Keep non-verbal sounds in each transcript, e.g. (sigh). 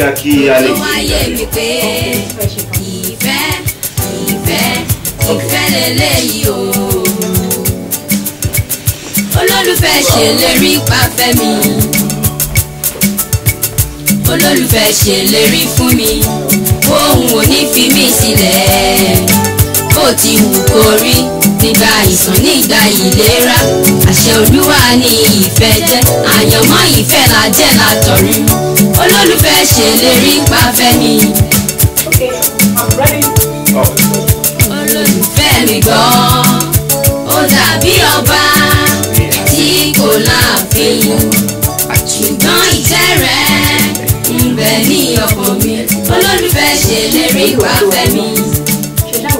kíá kí a lè gbé ìdájọ́. ìfẹ́ ìfẹ́ ìfẹ́ lélẹ́yìí o olólùfẹ́ ṣèlérí pàfẹ́ mi olólùfẹ́ ṣèlérí fún mi òun ò ní fi mí sílẹ̀ ti wù kó rí nígbà ìsàn nígbà ìlera àṣẹ olúwa ni ìfẹ́ jẹ́ àyànmọ́ ìfẹ́ la jẹ́ la olólùfẹ́ ṣèlérí pa fẹ́mi. Okay, I'm ready. olólùfẹ́ mi gbọ́ ó dàbí ọba tí kò láàfin ṣùgbọ́n ìtẹ́ rẹ̀ ń bẹ ní ọkàn mi olólùfẹ́ ṣèlérí pa fẹ́mi.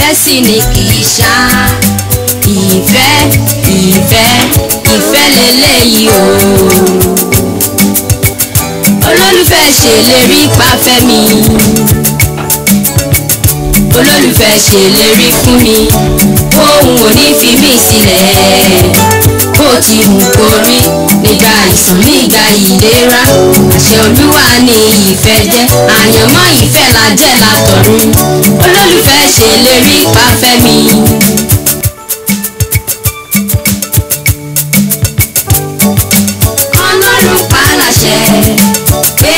bẹ́ẹ̀ sì ni kì í ṣá ìfẹ́ ìfẹ́ ìfẹ́ lélẹ́yìí o. olólùfẹ́ ṣèlérí pafẹ́ mi olólùfẹ́ ṣèlérí fún mi òun ò ní fi mí sílẹ̀ fò ti wù kó rí nígbà àìsàn nígbà ìlera àṣẹ olúwa ni ìfẹ́ jẹ́ àyànmọ́ ìfẹ́ lajẹ́ látọ̀run olólùfẹ́ ṣèlérí pàfẹ́ mi. ọlọ́run pa pé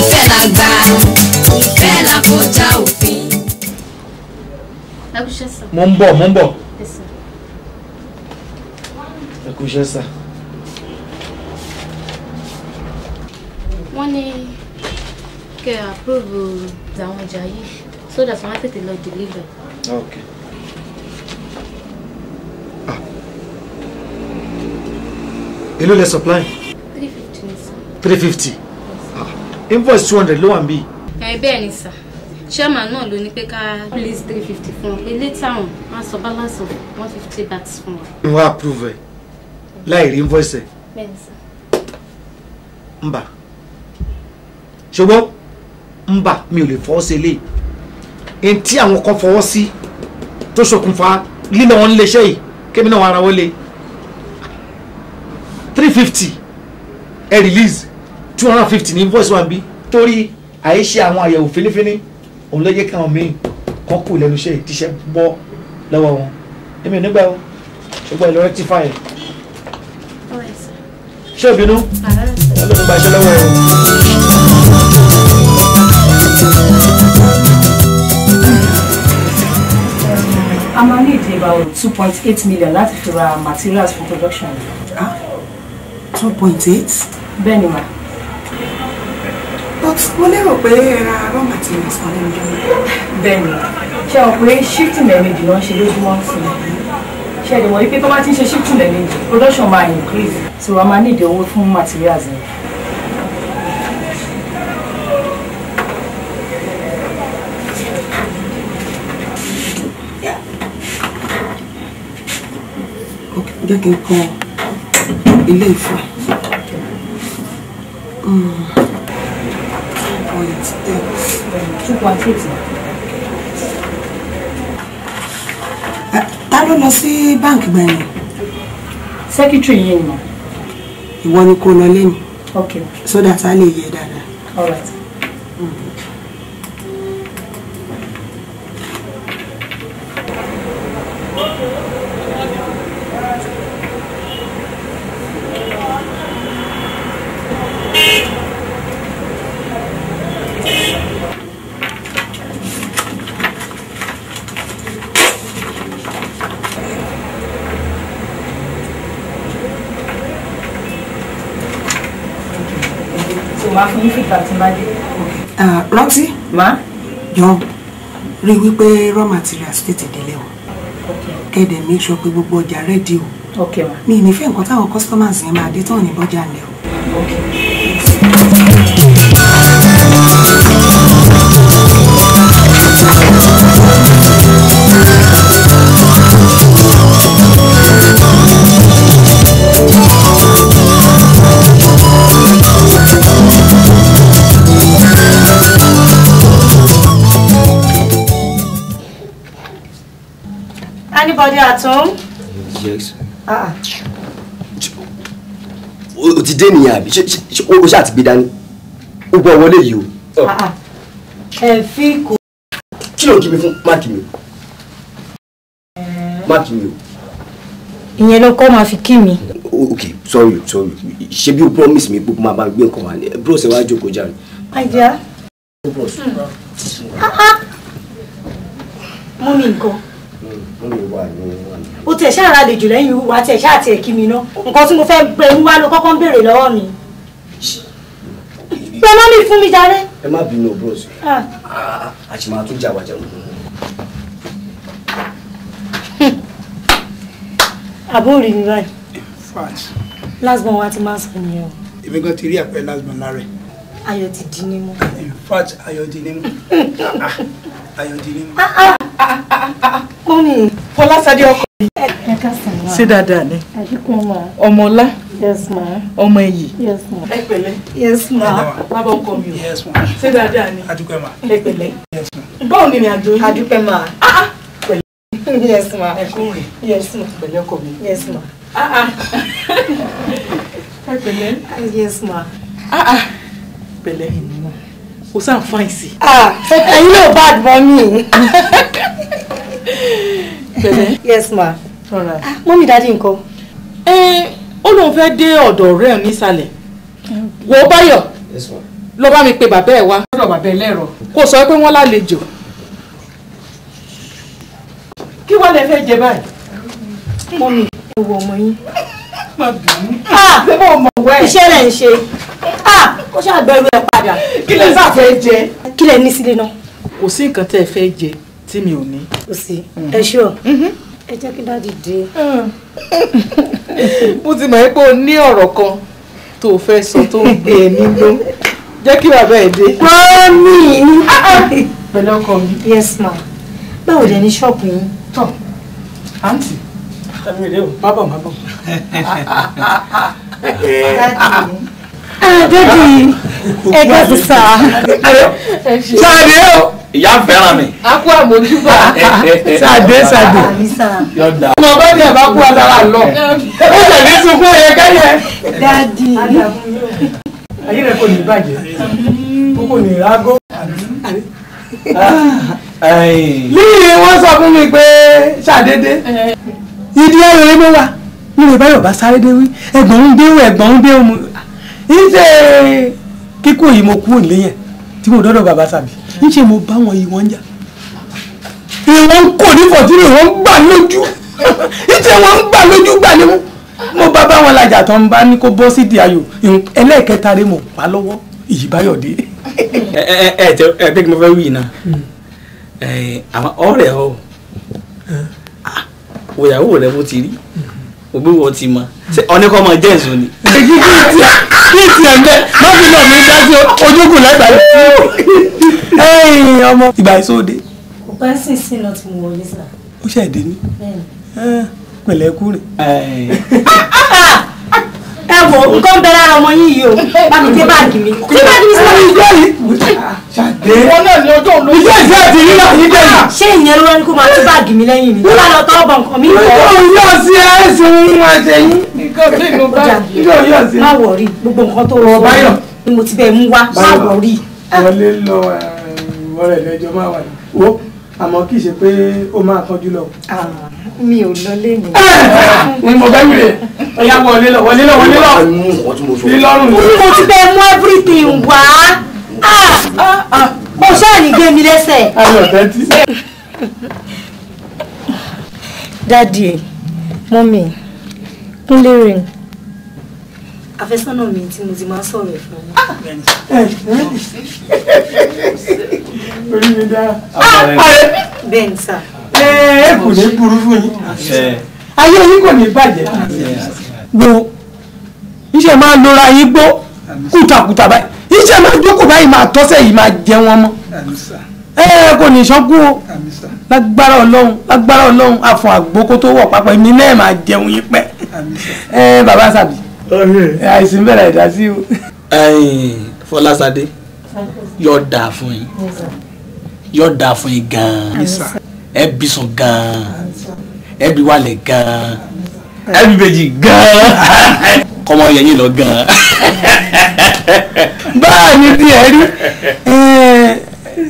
ìfẹ́ la gbà ìfẹ́ la kọjá òfin. mo ń bọ̀ mo ń bọ̀ iṣẹ́ sà. wọ́n ní kẹ́ ẹ̀ àpúròbù àwọn ọjà yìí sódà tí wọ́n á tètè lọ dìlíbẹ̀. okay. Ah. èló lẹ supply. three fifty three fifty ah invoice two hundred ló wà níbí. ẹ bẹ́ẹ̀ ni sà chairman náà ló ní pé ká please three fifty fún ọ ilé táwọn wọn sọ balance of one fifty baht fún ọ. wọn á approve ẹ láì rí invoice ẹ̀ mbà ṣùgbọ́n mbà mi ò lè fọwọ́ sí eléyìí ẹni tí àwọn kan fọwọ́ sí tó ṣokùnfà lílọ wọn níléeṣẹ́ yìí kémi náà ara wọlé three fifty ẹ release two hundred and fifty ní invoice wa bí torí àìṣe àwọn àyẹ̀wò fínífíní òun ló yẹ káwọn míì kan kù lẹ́nu iṣẹ́ ìtíṣẹ́ bọ́ lọ́wọ́ wọn èmi ò nígbà ó ṣùgbọ́n ìlú rectify ẹ̀ ṣé ìbínú ẹ ló ń gba iṣẹ́ lọ́wọ́ a máa ní ìdí about two point eight million láti fi ra materials for production. ah two point eight. bẹ́ẹ̀ ni ma. but mo lérò pé ẹ ra raw materials kan lẹ́nu jẹ́ mi. bẹ́ẹ̀ ni ṣé o pé shifting ẹ̀mejì náà ṣe lójúmọ́ sí i ṣẹ̀dẹ̀ wọ̀nyí pé tó bá ti ń ṣe ṣíptù lẹ́nu production máa increase so a máa nídìí owó fún materials yẹn. jẹ́ kí n kan ilé ìfẹ́ hmm. point eight two point eight. ta ló lọ sí báǹkì gbẹ̀yìn. sẹ́kítírì yẹn ni mà. ìwọ ni kò lọ lẹ́nu. ok. so that a lè yẹ dáadáa. all right. rántí jọ rí i wípé raw materials tètè délé o kẹ́dẹ̀ make sure pé gbogbo ọjà rẹ́dí o mi ì nífẹ̀ẹ́ nǹkan táwọn customers yẹn máa dé tán ní bọ́jà lẹ̀ o. Okay. anybody at home? Yes. Ah. ah. O ti dé nìyẹn àbí? O ṣáà ti gbé dání. O gbọ́ wọlé yìí o. Ah, ah. Ẹ fi kò. Kí ló ń kí mi fún? Máàkì mi o. Eh. Máàkì mi o. Ìyẹn ló kọ́ máa fi kí mi. Okay, sorry sorry ṣe bí o promise mi gbogbo máa bá gbé nǹkan bro, se wa bros ẹ wá jókòó járe. Ajá. Mú mi nǹkan o tẹ̀ ṣáà ra lè jù lẹ́yìn irú wa tẹ̀ ṣáà tiẹ̀ kí mi ná nǹkan tí mo fẹ́ gbẹ mú wá ló kọ́kọ́ ń béèrè lọ́wọ́ mi. pé má mi fún mi jàre. ẹ má bínú bros àti máa tún jàwàjà lọ. àbúrò rí mi báyìí. last born wa ti máa ń sọ nìyẹn o. èmi gan ti rí àpẹẹrẹ last born lára ẹ. ayọ̀ ti di nímú. in fact ayọ̀ di nímú. (laughs) Ah, ah, ayọ̀ di nímú. Ah, mọ́mí. Fọláṣadé ọkọ mi. Ẹ ká sàn wá. Ṣé dáadáa ni? Àdìkún ma. Ọmọlá. Yes ma. Ọmọ iyì. Yes ma. Ẹ Yes ma. Bàbá ọkọ mi o. Yes ma. Ṣé dáadáa ni? Àdìkún ma. Ẹ pẹ̀lẹ́. Yes ma. Báwo ni ìrìnàjò yìí? Àdìkún ma. Pẹ̀lẹ́. Yes ma. Ẹ̀kún rẹ̀. Yes ma. Pẹ̀lẹ́ ọkọ mi. Yes ma. Ah ah. pẹ̀lẹ́. Yes ma. Pẹ̀lẹ́ o sáà fáìn Ah, ẹ̀yin ló bá àdùmọ́ mi bẹ̀rẹ̀. yes ma. rọra. mọ́mí dáadé nǹkan. ẹ ó lóun fẹ́ dé ọ̀dọ̀ ọ̀rẹ́ ẹ̀ nísàlẹ̀ wò báyọ̀ lọ bá mi pe bàbá ẹ̀ wá lọ́dọ̀ bàbá ẹ̀ lẹ́rọ kó sọ pé wọ́n lálejò kí wọ́n lè fẹ́ jẹ báyìí. mọ́mí ẹ wọ ọmọ yín. má bínú. Ah! ṣé mo mọ̀ wẹ́. iṣẹ́ rẹ̀ ń ṣe ah! kó ṣàgbẹ́rù ẹ̀ padà. kí lẹ sáà fẹ́ jẹ. kí lẹ ní sílé náà. kò sí nǹkan tẹ́ ẹ fẹ́ jẹ tí mi ò ní. kò sí mm-hmm. ẹ ṣọ mm-hmm. ẹ jẹ́ kí dáàdì dé. Mm-hmm. (laughs) mo ti mọ̀ pé o ní ọ̀rọ̀ kan tó o fẹ́ sọ tó ń gbé e nílò jẹ́ kí bàbá ẹ̀ dé. mọ́mí. pẹ̀lú ọkọ mi. yes ma báwo dẹ̀ ní ṣọ́ọ̀bù yín. tọ́ àǹtí bábọ̀ bábọ̀. (laughs) Ah, dadi ẹ káàsì sá. sáàdé o. ìyá fẹ́ràn mi. a kú àmójúbà. Ah, eh, eh, eh, sáàdé sáàdé. ọmọ bá ní ẹ̀bá kú adara lọ. ó tẹ̀lé sunkún ẹ̀yẹ kẹ́yẹ. dadi. ayé rẹ kò ní bàjẹ́ kókò ní rágó. líyìí ah, wọ́n sọ fún mi pé ṣàdédé ìdí ayọ̀ rẹ̀ mẹ́wàá ní yorùbá yorùbá sáré dé wí ẹ̀gbọ́n ń dé wò ẹ̀gbọ́n ń dé wò ìṣe kíkú yìí mo kú òlé tí mo dọ́dọ̀ baba sàbí ìṣe mo bá wọn yìí wọ́n ń jà ń ní fọ̀tún ń gbà lójú wọn ń gbà lójú gbà ní mo bá bá wọn lajà tó ń bá ní di ayò ẹlẹ́ẹ̀kẹta rẹ mo pa lọ́wọ́ ìyí ẹ ẹ ẹ ẹ bí mo fẹ́ wí iná àwọn ah, òyàwó rẹ mo ti rí. òbí wo ti mọ ọ̀nìkan mọ jẹ́ ni. kí kí tiẹ̀ kí tiẹ̀ ń náà mi dá sí ojúkù lẹ́gbàá yìí. ọmọ ìgbà ìsóde. kò bá sì sí lọ tí mo wọlé sá. ó ṣàìdè ní (laughs) pẹ̀lẹ́ kúrè. (laughs) ẹ wò nǹkan bẹ lára ọmọ yín yìí o bá mi dé báàgì mi dé báàgì mi sí báàgì mi. ṣàdé wọn náà ni ọjọ́ òun ló ń bá ìṣe àti yín náà yín dẹ́yìn. ṣé ìyẹn ló ní kó máa tún báàgì mi lẹ́yìn mi tó bá lọ tọ́ ọ̀bọ̀ nǹkan mi. ìjọ yóò sí ẹ ẹ ṣe ń wá ṣe yín. ìjọ yóò sí. má wọ̀ rí gbogbo nǹkan tó rọ ọ báyọ̀ ni mo ti bẹ́ẹ̀ mú wá má wọ̀ rí. wọlé lọ wọlé lẹjọ má wà ní àmọ́ kì í ṣe pé ó máa kánjú lọ. Ah, mi ò lọ lẹ́yìn. Eh, ni mo bẹ́ wílé ọ̀yá wọlé lọ wọlé lọ wọlé lọ nílọ́rùn lọ. mo ti bẹ mú everything wá ah, ah, mo ṣáà ní gé mi lẹ́sẹ̀. dadi mọ́mí kúnlé rìn àfẹ́sọ́nà mi tí mo ti máa ń sọ̀rọ̀ ẹ̀ fún un. Ah! orí mi dá. Ah, ah, bẹ́ẹ̀ ni sà. ẹ kò ní burú fún yín ayé yín kò ní bàjẹ́ wo iṣẹ́ máa ń lora yín gbó kùtàkùtà báyìí iṣẹ́ máa ń jókòó báyìí máa tọ́sẹ̀ yìí máa jẹ wọn mọ́ ẹ kò ní sọ́kú o lágbára ọlọ́run lágbára ọlọ́run àfọ̀n àgbókó tó wọ̀ papọ̀ èmi náà máa jẹun yín pẹ́ ẹ bàbá sàbí àìsí bẹ̀rẹ̀ ìdásí o. Fọláṣadé yóò dáa fún yín yóò dáa fún yín gan-an ẹ bí sùn gan-an ẹ bí wàlẹ̀ gan-an ẹ bí bèjì gan-an (laughs) kọ́mọ yẹn yín lọ gan-an báà ní bí ẹ rí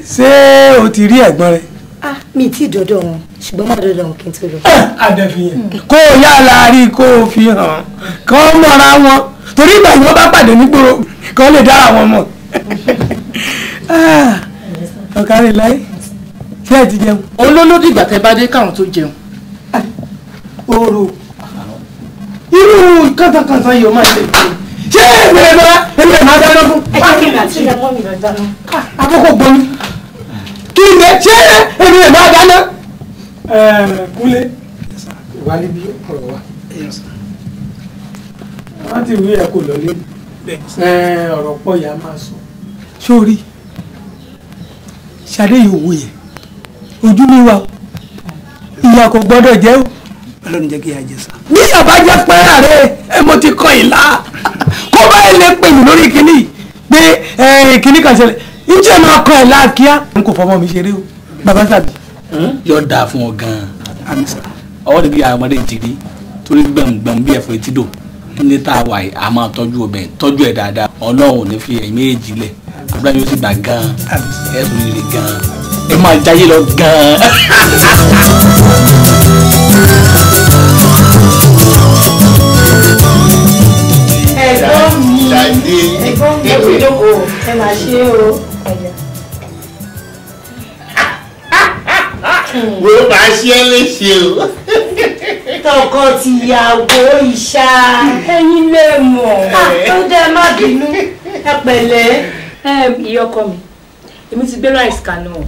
ṣé o ti rí ẹ̀gbọ́n rẹ ah mi ì tí ì dọ́dọ̀ wọn ṣùgbọ́n má dọ́dọ̀ wọn kí n tó lọ. àdẹ̀fìyàn eh, kó o yá láàárín kó o fi hàn kó o mọ̀ra wọn torí ìgbà ìwọ́n bá pàdé nígboro kó o lè dá àwọn mọ̀. (laughs) Ah, ọ̀kadì láyé ṣé ẹ ti jẹun. olólódì ìgbà tẹ bá dé káwọn tó jẹun. Ah, oru irú kàntàkàntà yìí ó máa ṣe ṣé èmi rẹ̀ máa èmi máa dáná fún. Ah, àkókò gbọ́n kí n bẹ ṣé èmi lè máa dáná. kúnlé wà níbi ọ̀rọ̀ wa. wọ́n ti wí ẹ̀ kò lọ́lé ọ̀rọ̀ pọ̀ yà máa sọ. sórí ṣadé yìí wò yẹn ojú mi wà ìyá kò gbọ́dọ̀ jẹ́ o. ọlọ́run jẹ́ kí a jẹ sá. bí yàrá jẹ́ pẹ́ rẹ̀ mo ti kọ ìlà kó báyìí lè pè mí lórí kínní pé kínní kan ṣẹlẹ̀ njẹ́ máa kọ ẹ̀ láàkíá. n kò fọmọ mi ṣeré o bàbá sàbí. Hm? yóò dáa fún ọ gan-an ọwọ́ ni kí ọmọdé ti rí torí gbẹ̀ngbẹ̀ng bí ẹ̀fọ́ etí dò nílé tá a wà yìí a máa tọ́jú ọbẹ̀ tọ́jú ẹ̀ dáadáa ọlọ́run ò ní fi ẹ̀yìn méjì lẹ̀ àbúrò yóò sì gbà gan-an ẹ̀ tó lè gan-an ẹ máa jáyé lọ gan-an. ẹ̀gbọ́n mi ẹ̀gbọ́n mi ẹ̀kú ìdókòwò ẹ máa ṣe é o. ṣe léṣe o. tọkọ-tìyàwó ìṣá ẹ̀yin lè mọ̀ tó ah. dẹ má bínú ẹ pẹ̀lẹ́. ìyá ọkọ mi èmi ti gbé rice kaná o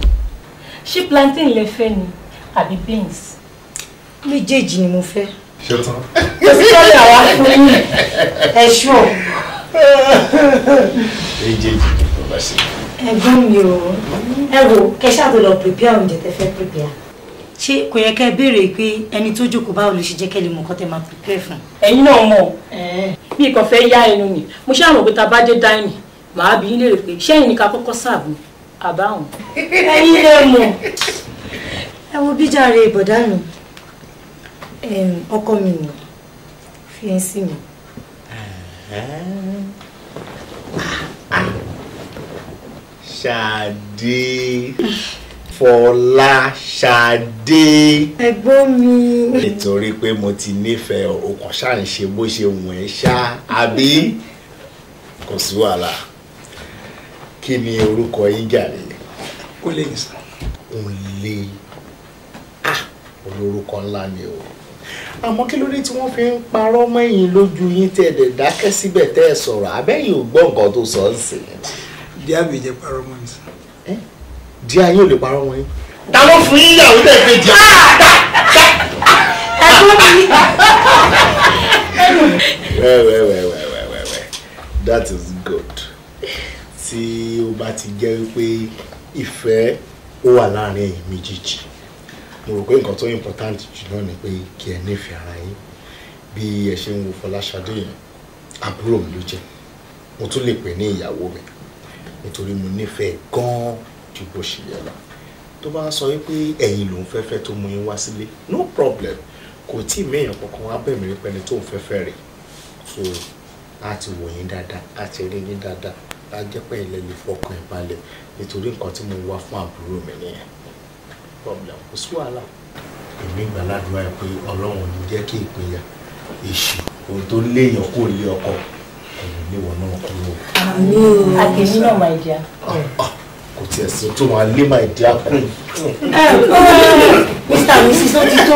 ṣé plantain lẹ fẹ́ ni àbí beans méjèèjì ni mo fẹ́. ṣé o tán. kò sí lọ́lẹ̀ àwa fún yín ẹ ṣọ́. méjèèjì ni mo bá ṣe. ẹ̀gbọ́n mi o ẹ wo kẹṣà tó lọ prepare oúnjẹ tẹ fẹ́ prepare ṣé kò yẹ kẹ́ ẹ béèrè pé ẹni tó jókòó báwo ló ṣe jẹ́ kẹ́ lè mọ̀ kọ́ tẹ́ máa prepare fún. ẹ̀yin náà mọ̀ bí nǹkan fẹ́ yá ẹnu mi mo ṣáà mọ̀ pé ta bá dé dáìnì màá bí ilé pé ṣẹ́yìn ni ká kọ́kọ́ sáàbù àbáhùn. ẹ̀yin lè mọ̀ ẹ wo bíjàre ìbọ̀dá mi ọkọ mi nù fi ẹ́ sí mi. Ṣadé. Fọláṣadé. ẹ̀gbọ́n mi. nítorí pé mo ti nífẹ̀ẹ́ ọkàn ṣáà ń ṣe bó ṣe wù ẹ́ ṣá àbí kò sí wàhálà kí ni orúkọ yín jàre. kò lè sàn. kò lè ah olórúkọ ńlá ni o àmọ́ kí ló dé tí wọ́n fi ń parọ́ mẹ́yìn lójú yín tẹ́ ẹ̀dẹ̀ dákẹ́ síbẹ̀ tẹ́ ẹ sọ̀rọ̀ abẹ́yìn ò gbọ́ nǹkan tó sọ ń sìn. díàbì jẹ́ parọ́ mọ́ mi sàn di ayé ò lè parọ́ wọn yín. ta ló fún yín yàwó tẹ̀ pé jẹ. wẹ́wẹ́wẹ́wẹ́wẹ́wẹ́ that is good tí o bá ti jẹ́ pé ìfẹ́ ó wà láàrin ẹ̀yin méjèèjì mo rò pé nǹkan tó important jù náà ni pé kí ẹ nífẹ̀ẹ́ ara yín bí ẹ ṣe ń wo Fọláṣadé yẹn àbúrò mi ló jẹ́ mo tún lè pè ní ìyàwó mi nítorí mo nífẹ̀ẹ́ gan-an ju bó ṣe yẹ lọ tó bá sọ wípé ẹ̀yin lòún fẹ́fẹ́ tó mú yín wá sílé no problem kò tí ì méèyàn kankan wá bẹ̀mí rí pẹ́ni tóun fẹ́fẹ́ rẹ̀ so a ti wò yín dáadáa a ti rí yín dáadáa a jẹ́ pé ilẹ̀ lè fọkàn ẹ̀ balẹ̀ nítorí nǹkan tí mo wá fún àbúrò mi nìyẹn problem kò sí wàhálà èmi gbàládùá ẹ pé ọlọ́run ní jẹ́ kí ìpínyà èṣù ohun tó léèyàn kò lé ọkọ kò ní náà kúrò. àmín àkèmí náà máa jẹ. Ah, ah kò tiẹ̀ sí tó máa lé máa dí akún. ẹ ẹ mr and mrs ó ti tó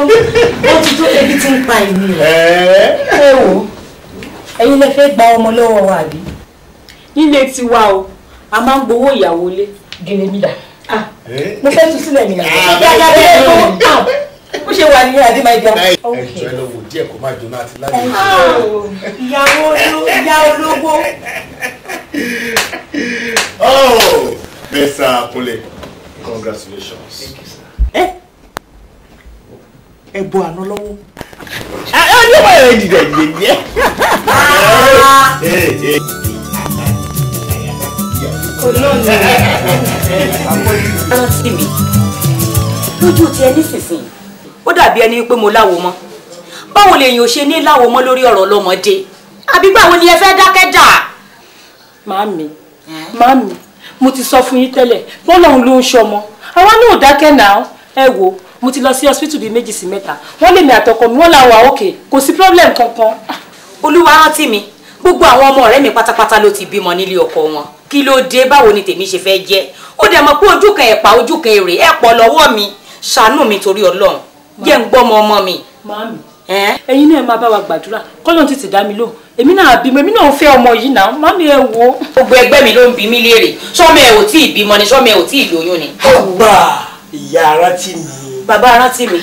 ó ti tó ebi tí ń pa èmi rẹ. ẹ wò ẹ̀yin lè fẹ́ gba ọmọ lọ́wọ́ wa àbí. nílé tiwa o a máa ń gbowó ìyàwó lé. gèlè mi dà ah. mo fẹ́ tu sílẹ̀ nìyàwó. dáadáa ah, bẹ́ẹ̀ tó ń tàn bó ṣe wà ní adé máa dá. ẹjọ ẹ lọ wò díẹ̀ kó má jóná àti láyé. Ah, ìyàwó olówó. Oh! Mr. Akunle, congratulations. Thank you, sir. Eh? Ẹ bọ àná lọ́wọ́. Ẹ ní wọ́n yẹn dìde dìde. Olóòní rántí mi. Lójú ti ẹni sísìn, ó dàbí ẹni pé mo láwo mọ́. Báwo lèèyàn ò ṣe ní láwo mọ́ lórí ọ̀rọ̀ ọlọ́mọdé? Àbí báwo ni ẹ fẹ́ dákẹ́ dà? Màámi, màámi, mo ti sọ fún yín tẹ́lẹ̀ bọ́lọ́run ló ń ṣọmọ àwa náà dákẹ́ náà ẹ wo mo ti lọ sí hospital bíi méjì sí mẹ́ta wọ́n lè mi àtọkọ mi wọ́n làwọn àwòkè kò sí problem kankan. Ah, olúwa rántí mi gbogbo àwọn ọmọ ọ̀rẹ́ mi pátápátá ló ti bímọ nílé ọkọ wọn kí ló dé báwo ni tèmi ṣe fẹ́ jẹ́ ó dẹ̀ mọ̀ pé ojú kan ẹ̀pà ojú kan èrè ẹ̀pọ̀ lọ́wọ́ mi ṣàánú mi torí ọlọ́run jẹ́ ń gbọ́mọ ọmọ mi. màámi ẹ̀yin náà máa bá wa gbàdúrà kọ́lọ́n ti ti dá mi lóhùn èmi náà bímọ èmi náà fẹ́ ọmọ yìí náà má mi ẹ wo. gbogbo ẹgbẹ́ mi ló ń bi mí léèrè sọ́mọ ẹ̀ ò tí ì bímọ ni sọ́mọ ẹ̀ ò tí ì lóyún ni. ọgbà ìyá ara tì mí. bàbá ara tì mí.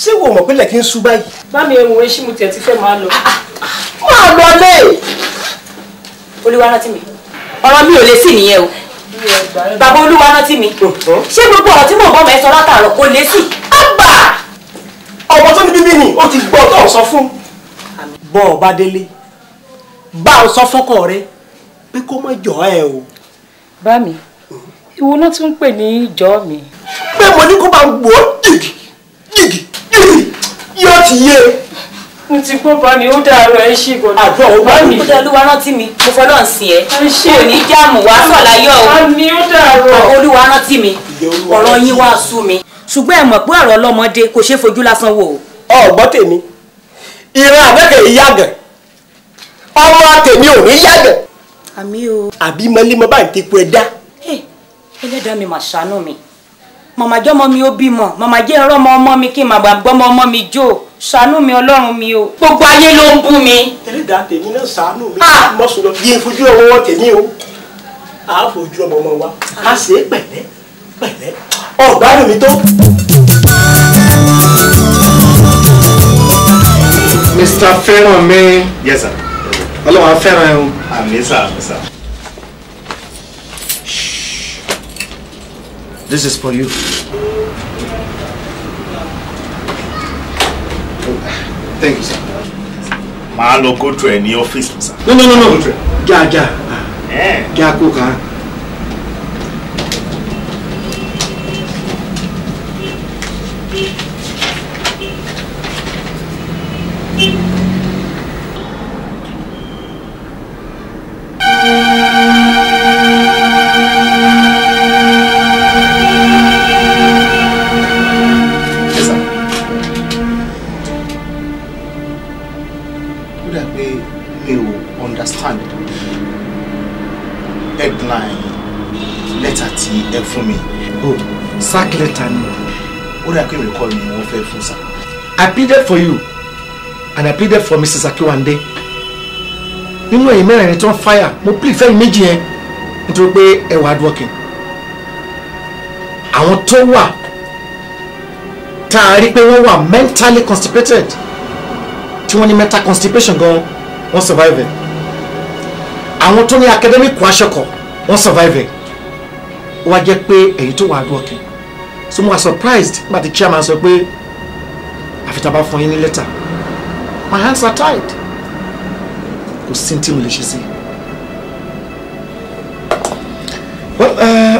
ṣé wo mọ̀ pé lẹ́kí ń sú báyìí. bá mi ẹ̀ wò ẹ́ ṣímú tiẹ̀ ti fẹ́ máa lọ. Ah, ah, máa lọ lé. olúwa ara tì mí ọ̀rọ̀ mi ò lè sí nìyẹn o bàbá olúwa ara tì mí ṣé gbogbo ọ̀rọ̀ ọmọ tó ní bíbí ni ó ti gbọ́ tó sọ fún. bọ́ ọ bá délé bá ọ sọ fọ́kọ rẹ pé kó má jọ ẹ o. bá mi ìwo ló tún ń pè ní ìjọ mi. pé mo ní kó máa gbòó jìgì jìgì jìgì yóò ti yé mo ti gbọ́ bá mi ó dáàrọ̀ ẹ ṣe gbọ́dọ̀. àbọ̀ ó bá mi. kódà olúwa rántí mi mo fọlọ́ ń sìn ẹ́. ẹ ṣe kò ní jáàmù wá sọ̀láyọ̀ o. àmì ó dáàrọ̀. olúwa rántí mi ọ̀rọ̀ yín wá sú mi ṣùgbọ́n ẹ mọ̀ pé ọ̀rọ̀ ọlọ́mọdé kò ṣeé fojú lásán wò. ọgbọ́n tèmi ìran àbẹ́kẹ̀ ìyàgẹ̀ ọmọ tèmi ò ní yàgẹ̀. àmì o. àbí mọ́lẹ́mọ́ bá ń tepo ẹ dá. ẹlẹ́dàá mi mà ṣàánú mi màmá jọmọ mi ó bímọ màmá jẹ́ ẹ̀rọ ọmọ ọmọ mi kí màmá gbọ́mọ ọmọ mi jó ṣàánú mi ọlọ́run mi o. gbogbo ayé ló ń bú mi. ẹlẹ́dàá tèmi náà ṣàánú mi mọ́sùn lọ yé fojú ọmọ o àá fojú ọmọ wọn wa á ṣe é pẹ̀lẹ́ ọ̀gbádùn mi tó. Mr. fẹ́ràn mi. yes sir. ọlọ́run á fẹ́ràn ẹ o. àmì sà This is for you. Thank you, sir. Màá lọ kó tu ẹ̀ ní ọ́fíìsì, sir. No, no, no, no. Ja, ja. Eh. Ja kó kan. I pleaded for you and I pleaded for Mrs. Akiwande nínú ẹ̀yin mẹ́rẹ̀ẹ̀rin tó ń fire mo plead fẹ́yìn méjì yẹn nítorí pé ẹ wà hardworking àwọn tó wà tá a rí pé wọ́n wà mentally constipated tí wọ́n ní mental constipation gan wọ́n survive àwọn tó ní academic kwashiọkọ wọ́n survive ó wá jẹ́ pé ẹ̀yin tó wà hardworking so mo wà surprised nígbà tí chairman sọ pé àfi tá a bá fún letter. my hands are tied kò sí tí mo lè ṣe sí. Uh,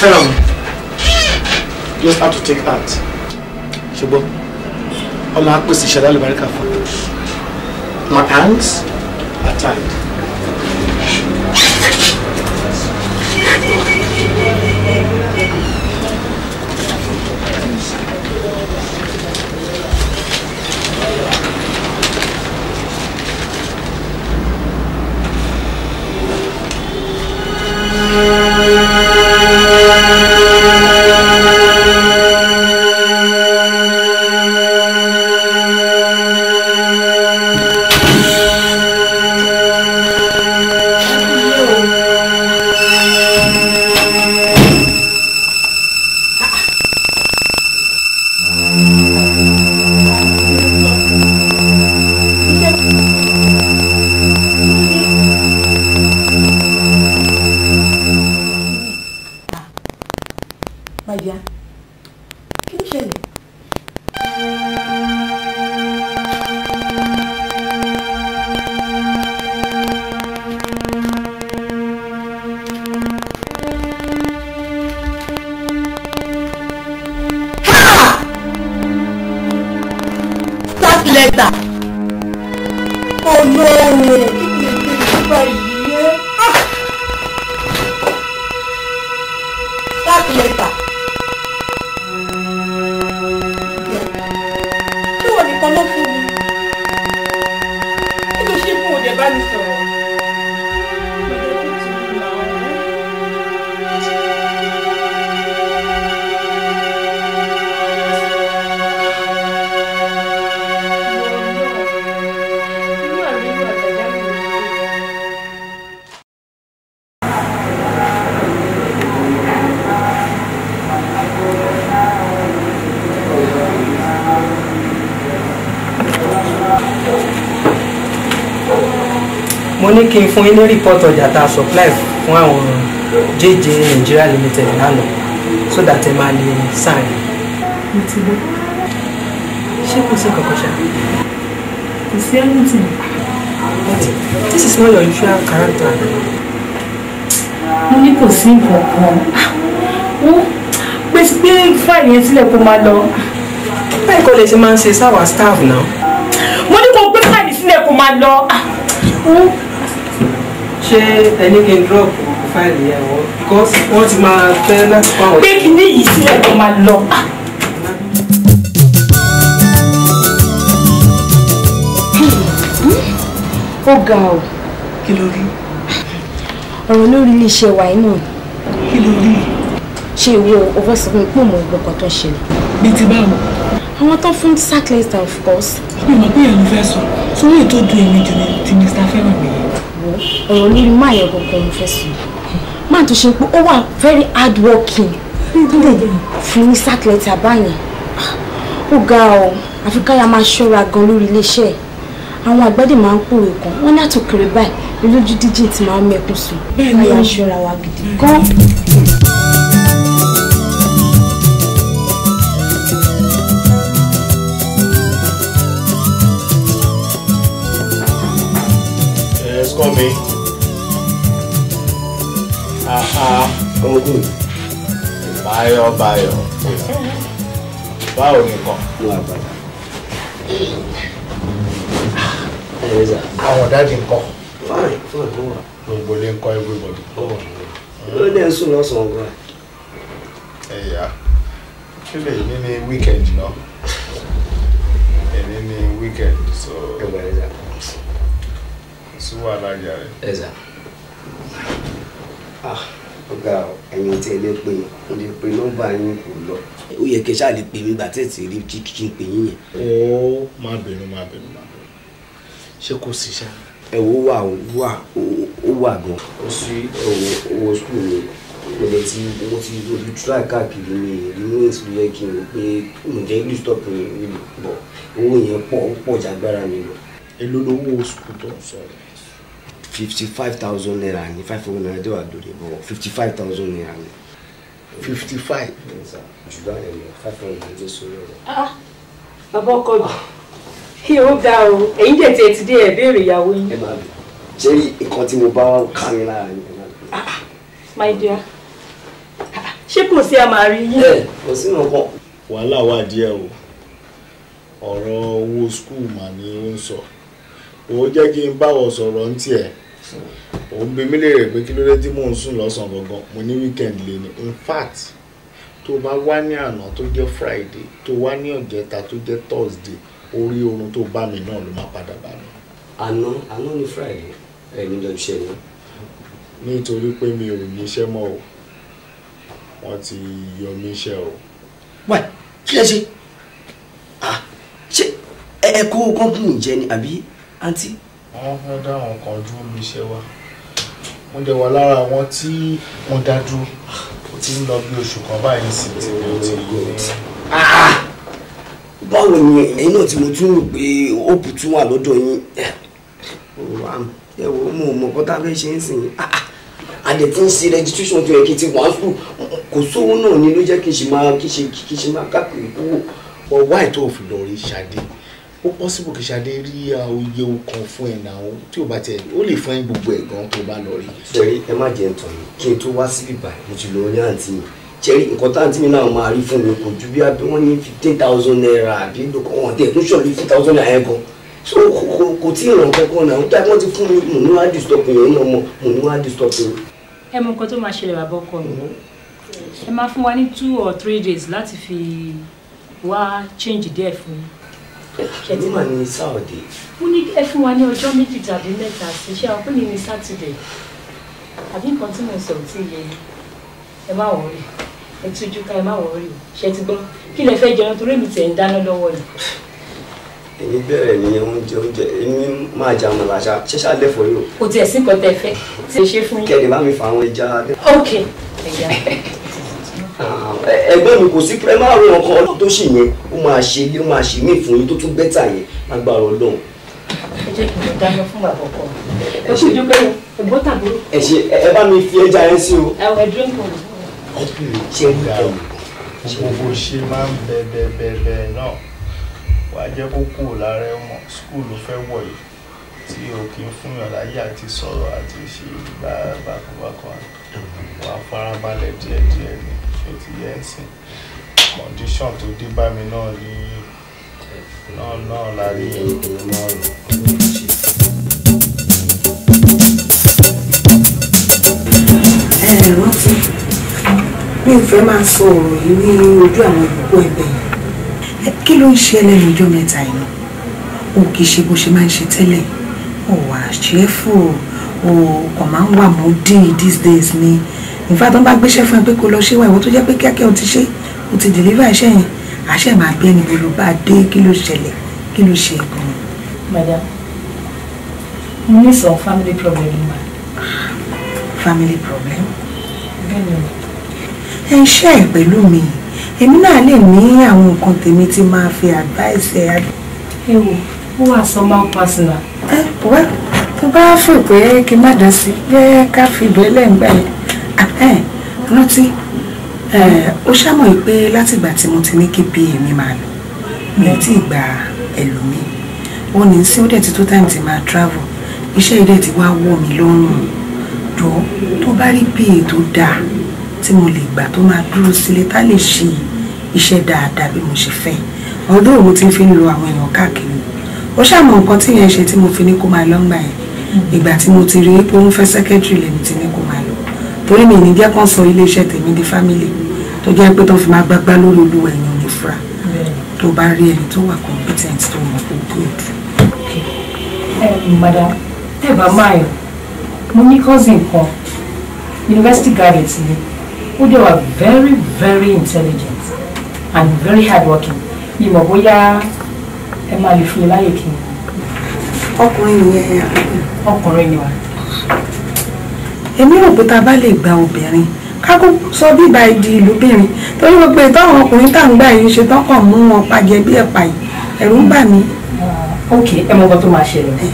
fẹ́ràn mi just have to take that ṣùgbọ́n ọlọ́run á pèsè ìṣẹ̀dá lóbaríkà fún mi my hands are tied. like kí n fún yín ní rìpọ́tù ọjà tá a supply fún àwọn JJ Nigeria Limited lánàá so that ẹ máa lè sign. mo ti gbọ́ ṣé kò sí kankan ṣá. kò sí anything. this is not your usual character. mo ní kò sí nǹkan kan ó pèsè pé fáìlì yẹn sílẹ̀ kó máa lọ. báyìí kò lè ṣe máa ń ṣe sáwà staff náà. mo ní kò gbé fáìlì sílẹ̀ kó máa lọ ṣé ẹni kí n drop fáìlì yẹn wọ́n because wọ́n ti máa fẹ́ láti kọ́ àwọn. pé kí ní yìí sílẹ̀ kó máa lọ. Ah! Hmm. Hmm. ó ga ọ. kí ló rí. ọ̀rọ̀ lórí iléeṣẹ́ wa inú kí ló rí. ṣé ìwọ o fẹ́ sọ fún mi pé òun ò gbọ́kàn tó ń ṣẹlẹ̀. bí ti báwo. àwọn tó fún sack of course. mi ò mọ̀ pé èèyàn ló fẹ́ sọ sórí ètò ìdú èmi jù ní ti Mr. Fẹ́ràn mi yẹn ọ̀rọ̀ lórí má yẹn gangan mo fẹ́ sọ má tó ṣe pé ó wà very hard working tó lè fún ní sákìlẹ́tà báyẹn ó ga ọ àfi káyà máa ṣọ́ra gan lórí iléeṣẹ́ ẹ̀ àwọn àgbàdì máa ń pòrò kan wọ́n ní àtòkèrè báyìí lójú díjì tí máa ń mẹ́kún sùn káyà ṣọ́ra wa gidi gan. ogun báyọ̀ báyọ̀ báwo nìkan. àwọn ọ̀dájì nǹkan. gbogbo lè ń kọ́ everybody. ló dé ń sùn lọ́sàn-án gan. ẹ̀yà kí lè ní ní weekend náà èmi ní weekend so sí wàhálà yàrá. ah ọ̀gá ẹ̀yìn tí ẹ lè pè mo lè pe nọ́mbà yín kò lọ. ó yẹ kí ẹ ṣáà lè pè mí gbà tẹ́ ti rí kí n pè yín yẹn. ó má bínú má bínú má bínú ṣé kò sí ṣá. ẹ wo wà wà ó wà gan. ó sí owó owó sùkúl mi mo lè ti mo ti ojú tíra káàkiri mi nínú èsì ló yẹ kí n pé ǹjẹ́ english top mi rí bọ̀ owó yẹn pọ̀ pọ̀ jágbára mi lọ. èló lówó sùkúl tó ń sọ̀rọ̀ fifty five thousand naira ni five hundred naira dé wà lórí bọ̀ fifty five thousand naira ni. fifty five. ṣùgbọ́n ẹ̀ lọ five hundred naira ló sọ lọ́rọ̀. bàbá ọkọ mi yóò ga o ẹ̀yin dẹ̀ tiẹ̀ ti dé ẹ̀ ìyàwó yín. ẹ máa bẹ ṣé nǹkan tí mo bá wà ká lára ni ah, ah, my dear ah, ṣé kò sí a máa rí yín. ẹ kò sí nǹkan. wàhálà wà díẹ̀ o ọ̀rọ̀ owó skul mà ni ó ń sọ òun jẹ́ kí n báwọ̀ sọ̀rọ̀ ń tiẹ̀ òun bí mi léèrè pé kí ló dé tí mò ń sùn lọ́sàn-án gangan mo ní weekend lé ní in fact tó bá wá ní àná tó jẹ́ friday tó wá ní ọ̀jẹ̀ta tó jẹ́ thursday orí oorun tó bá mi náà ló máa padà bá mi. àná àná ni friday ẹni lọ iṣẹ́ ni. nítorí pé mi ò níṣẹ́ mọ́ o wọ́n ti yọ mí iṣẹ́ o. wẹ́ẹ̀ kí ẹ ṣe ah, ṣé ẹ kó kọ́ńpù jẹ ni àbí àǹtí wọ́n fẹ́ dá àwọn kan dúró ní iṣẹ́ wa mo dẹ̀ wà lára àwọn tí wọ́n dá dúró ó ti ń lọ bí oṣù kan báyìí sí ti mi o ti yí ní. Ah, báwo ni ẹ̀yin náà tí mo tún rò pé hope tún wà lọ́dọ̀ yín eh, ẹ wo mo mọ̀ kọ́tà fẹ́ ṣe ń sìn yín àdè ah, ah, tí ń ṣe registration tó yẹ kí n ti fún kò sówó náà ni ló jẹ́ kí n ṣe máa kí n ṣe máa káàkiri kúrò ọwọ́ àìtó òfin lọ rí ṣadé ó possible kí Ṣadé rí oyè ọkàn fún ẹ̀ náà tí ò bá tiẹ̀ ó lè fún ẹ gbogbo ẹ̀ gan tó bá lọ rí. sẹ́rí ẹ má jẹ́ ntọ́ yìí kí n tó wá síbí báyìí mo ti lọ ní àǹtí mi sẹ́rí nǹkan tá mi náà máa rí fún mi kò ju bí wọ́n ní fifteen thousand naira àbí ọ̀hún ọ̀dẹ̀ tó ṣọ̀lù fifteen thousand naira ẹ̀ gan so kò kò tí ì ràn kankan náà ó dáa wọ́n ti fún mi mò ń wá disturb yẹn ní ọmọ mò ń wá disturb yẹn. ẹ mọ nǹkan tó máa ṣẹlẹ̀ bàbá ọkọ mi ẹ máa fún wa ní two or three days láti fi wá change díẹ̀ fún yín nígbà ní sáọ̀dẹ̀. mo ní ẹ fún wa ní ọjọ́ méjì tàbí mẹ́ta sí iṣẹ́ àwọn pínlẹ̀ ní sátidé àbí nǹkan tí mo sọ tí yẹ ẹ má wọrí ẹ tújú ká ẹ má wọrí o ṣe ti gbọ́ kí lẹ fẹ́ jẹun torí èmi tẹ̀ ń dáná lọ́wọ́ ni. èmi bẹ̀rẹ̀ ní oúnjẹ oúnjẹ èmi máa jẹ àwọn àṣà ṣẹṣà lẹ́fọ̀ọ́ yìí o. kò tiẹ̀ sí nǹkan tẹ fẹ́ tí ẹ ṣe fún yín. kẹ́ni bá mi fa àwọn ẹja. ok ẹja. (laughs) ẹgbẹ́ mi kò sí ẹ máa ro nǹkan ọlọ́run tó ṣì yẹn ó máa ṣe ilé ó máa ṣe mí fún yín tó tún bẹ́tà yẹn lágbára ọlọ́run. ẹ jẹ́ kí n dáná fún bàbá ọkọ ẹ kú ìdúpẹ́ o ẹ̀gbọ́n tàbúrò. ẹ ṣe ẹ bá mi fi ẹja yẹn sí o. ẹ wẹ dírín kò ní. ọkùnrin ṣe ń bẹ gbogbo ṣe máa ń bẹ bẹ bẹ bẹ náà wàá jẹ́ kó kúrò lára ẹ̀wọ̀n skúlù tí o kì láyé àti sọ̀rọ̀ àti ṣe bá bákúbákú wàá farabalẹ̀ díẹ̀díẹ̀ ni ṣe ti yẹ ẹ́ sìn condition tó dé bá mi náà ní náà náà lárí yẹn náà lọ. ẹ rántí mi ò fẹ́ máa sọ ọ̀rọ̀ yìí ní ojú àwọn ìbùkún ẹgbẹ́ yẹn kí ló ń ṣe ẹlẹ́nu ọjọ́ mẹ́ta yìí o kì í ṣe bó ṣe máa ń ṣe tẹ́lẹ̀ o wà ṣẹ́fù o kàn máa ń wà mọ́ dín these days ni nfa tó ń bá gbéṣẹ́ fún ẹ pé kó lọ ṣe wá ìwọ tó jẹ́ pé kíákíá o ti ṣe o ti deliver iṣẹ́ yẹn àṣẹ máa gbé ni mo ló bá dé kí ló ṣẹlẹ̀ kí ló ṣe gan. madam mo ní sọ family problem ma. family problem. bẹ́ẹ̀ni o. ẹ ń ṣe ẹ̀ pẹ̀lú mi èmi náà lè ní àwọn nǹkan tèmi tí máa fi advice ẹ. ẹ wò ó wà sọ máa ń personal. ẹ wẹ́ tó bá fò pé kí n má dá sí i ká fi ìbẹ́lẹ̀ ń gbà yẹn rántí ó ṣàmọ̀ yìí pé látìgbà tí mo ti ní kí bí èmi máa lọ mi ò tí ì gba ẹlòmí ó ní sí ó dẹ̀ ti tó táìmù tí máa travel iṣẹ́ ilé ti wá wọ̀ mí lọ́rùn jọ tó bá rí bí ètò dáa tí mo lè gbà tó máa dúró sílé tá lè ṣe iṣẹ́ dáadáa bí mo ṣe fẹ́ ọdún òun ti fi ń lo àwọn èèyàn káàkiri ó ṣàmọ̀ nǹkan tí yẹn ṣe tí mo fi ní kó máa lọ́ngbà yẹn ìgbà tí mo ti rí pé ó ń fẹ́ sẹ́kẹ́tìrì lèmi ti ní kó máa torí mi ní jẹ́ kán sọ iléeṣẹ́ tèmi di fámílì tó jẹ́ pé tó fi máa gbágbá lórí olúwa ẹ̀yìn òní fura tó bá rí ẹni tó wà competent tó mọ̀ kó good. madam tẹ́bà máyọ̀ mo ní cousin kan university graduate ni ó dẹ̀ wà very very intelligent and very hardworking ni mo bóyá ẹ máa lè fún mi láyè kí n. ọkùnrin nìyẹn ọkùnrin ni wà èmi rò pé ta bá lè gba obìnrin kákó sọ bíbá ìdí ìlúbìnrin torí wọ́n pé táwọn ọkùnrin tá à ń gbà yìí ṣe tán kàn mú wọn pàjẹ́ bí ẹ̀pà yìí ẹ̀rù ń bà mí. Ah, ok ẹ mọ nǹkan tó máa ṣẹlẹ̀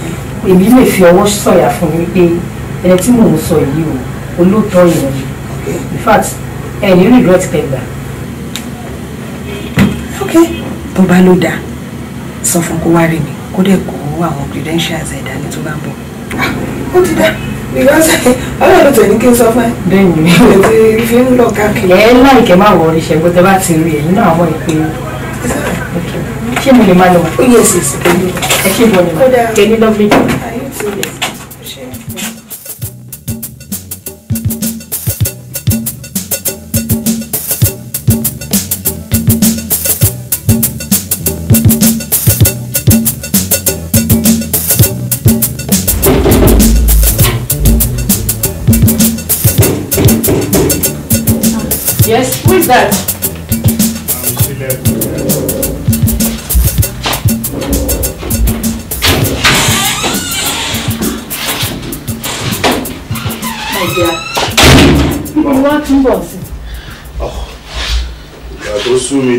èmi lè fi ọwọ́ sọ̀yà fún mi pé ẹni tí mò ń sọ yìí o olóòótọ́ èèyàn ni in fact ẹni rí ìlú ẹ̀ ti pẹ́ gbà. ok tó bá ló dáa sọ fún kó wá rí mi kó dẹ̀ kó àwọn credentials ẹ̀ dání tó bá bọ̀. Ah, ó ti dáa because (laughs) ọlọ́run tẹ̀ ní kí n sọ fún ẹ. bẹ́ẹ̀ni (laughs) mi ti fi ń lọ káàkiri. ẹ láìkẹ́ máa wọ oríṣẹ́ bó tẹ bá ti rí ẹ̀yìn náà àwọn ìpè ṣé mo lè máa lọ. ó yẹ èsì èsì pẹ̀lú ẹ ṣé bọ̀ ni. kódà ẹni lọ́ọ́ fi jù.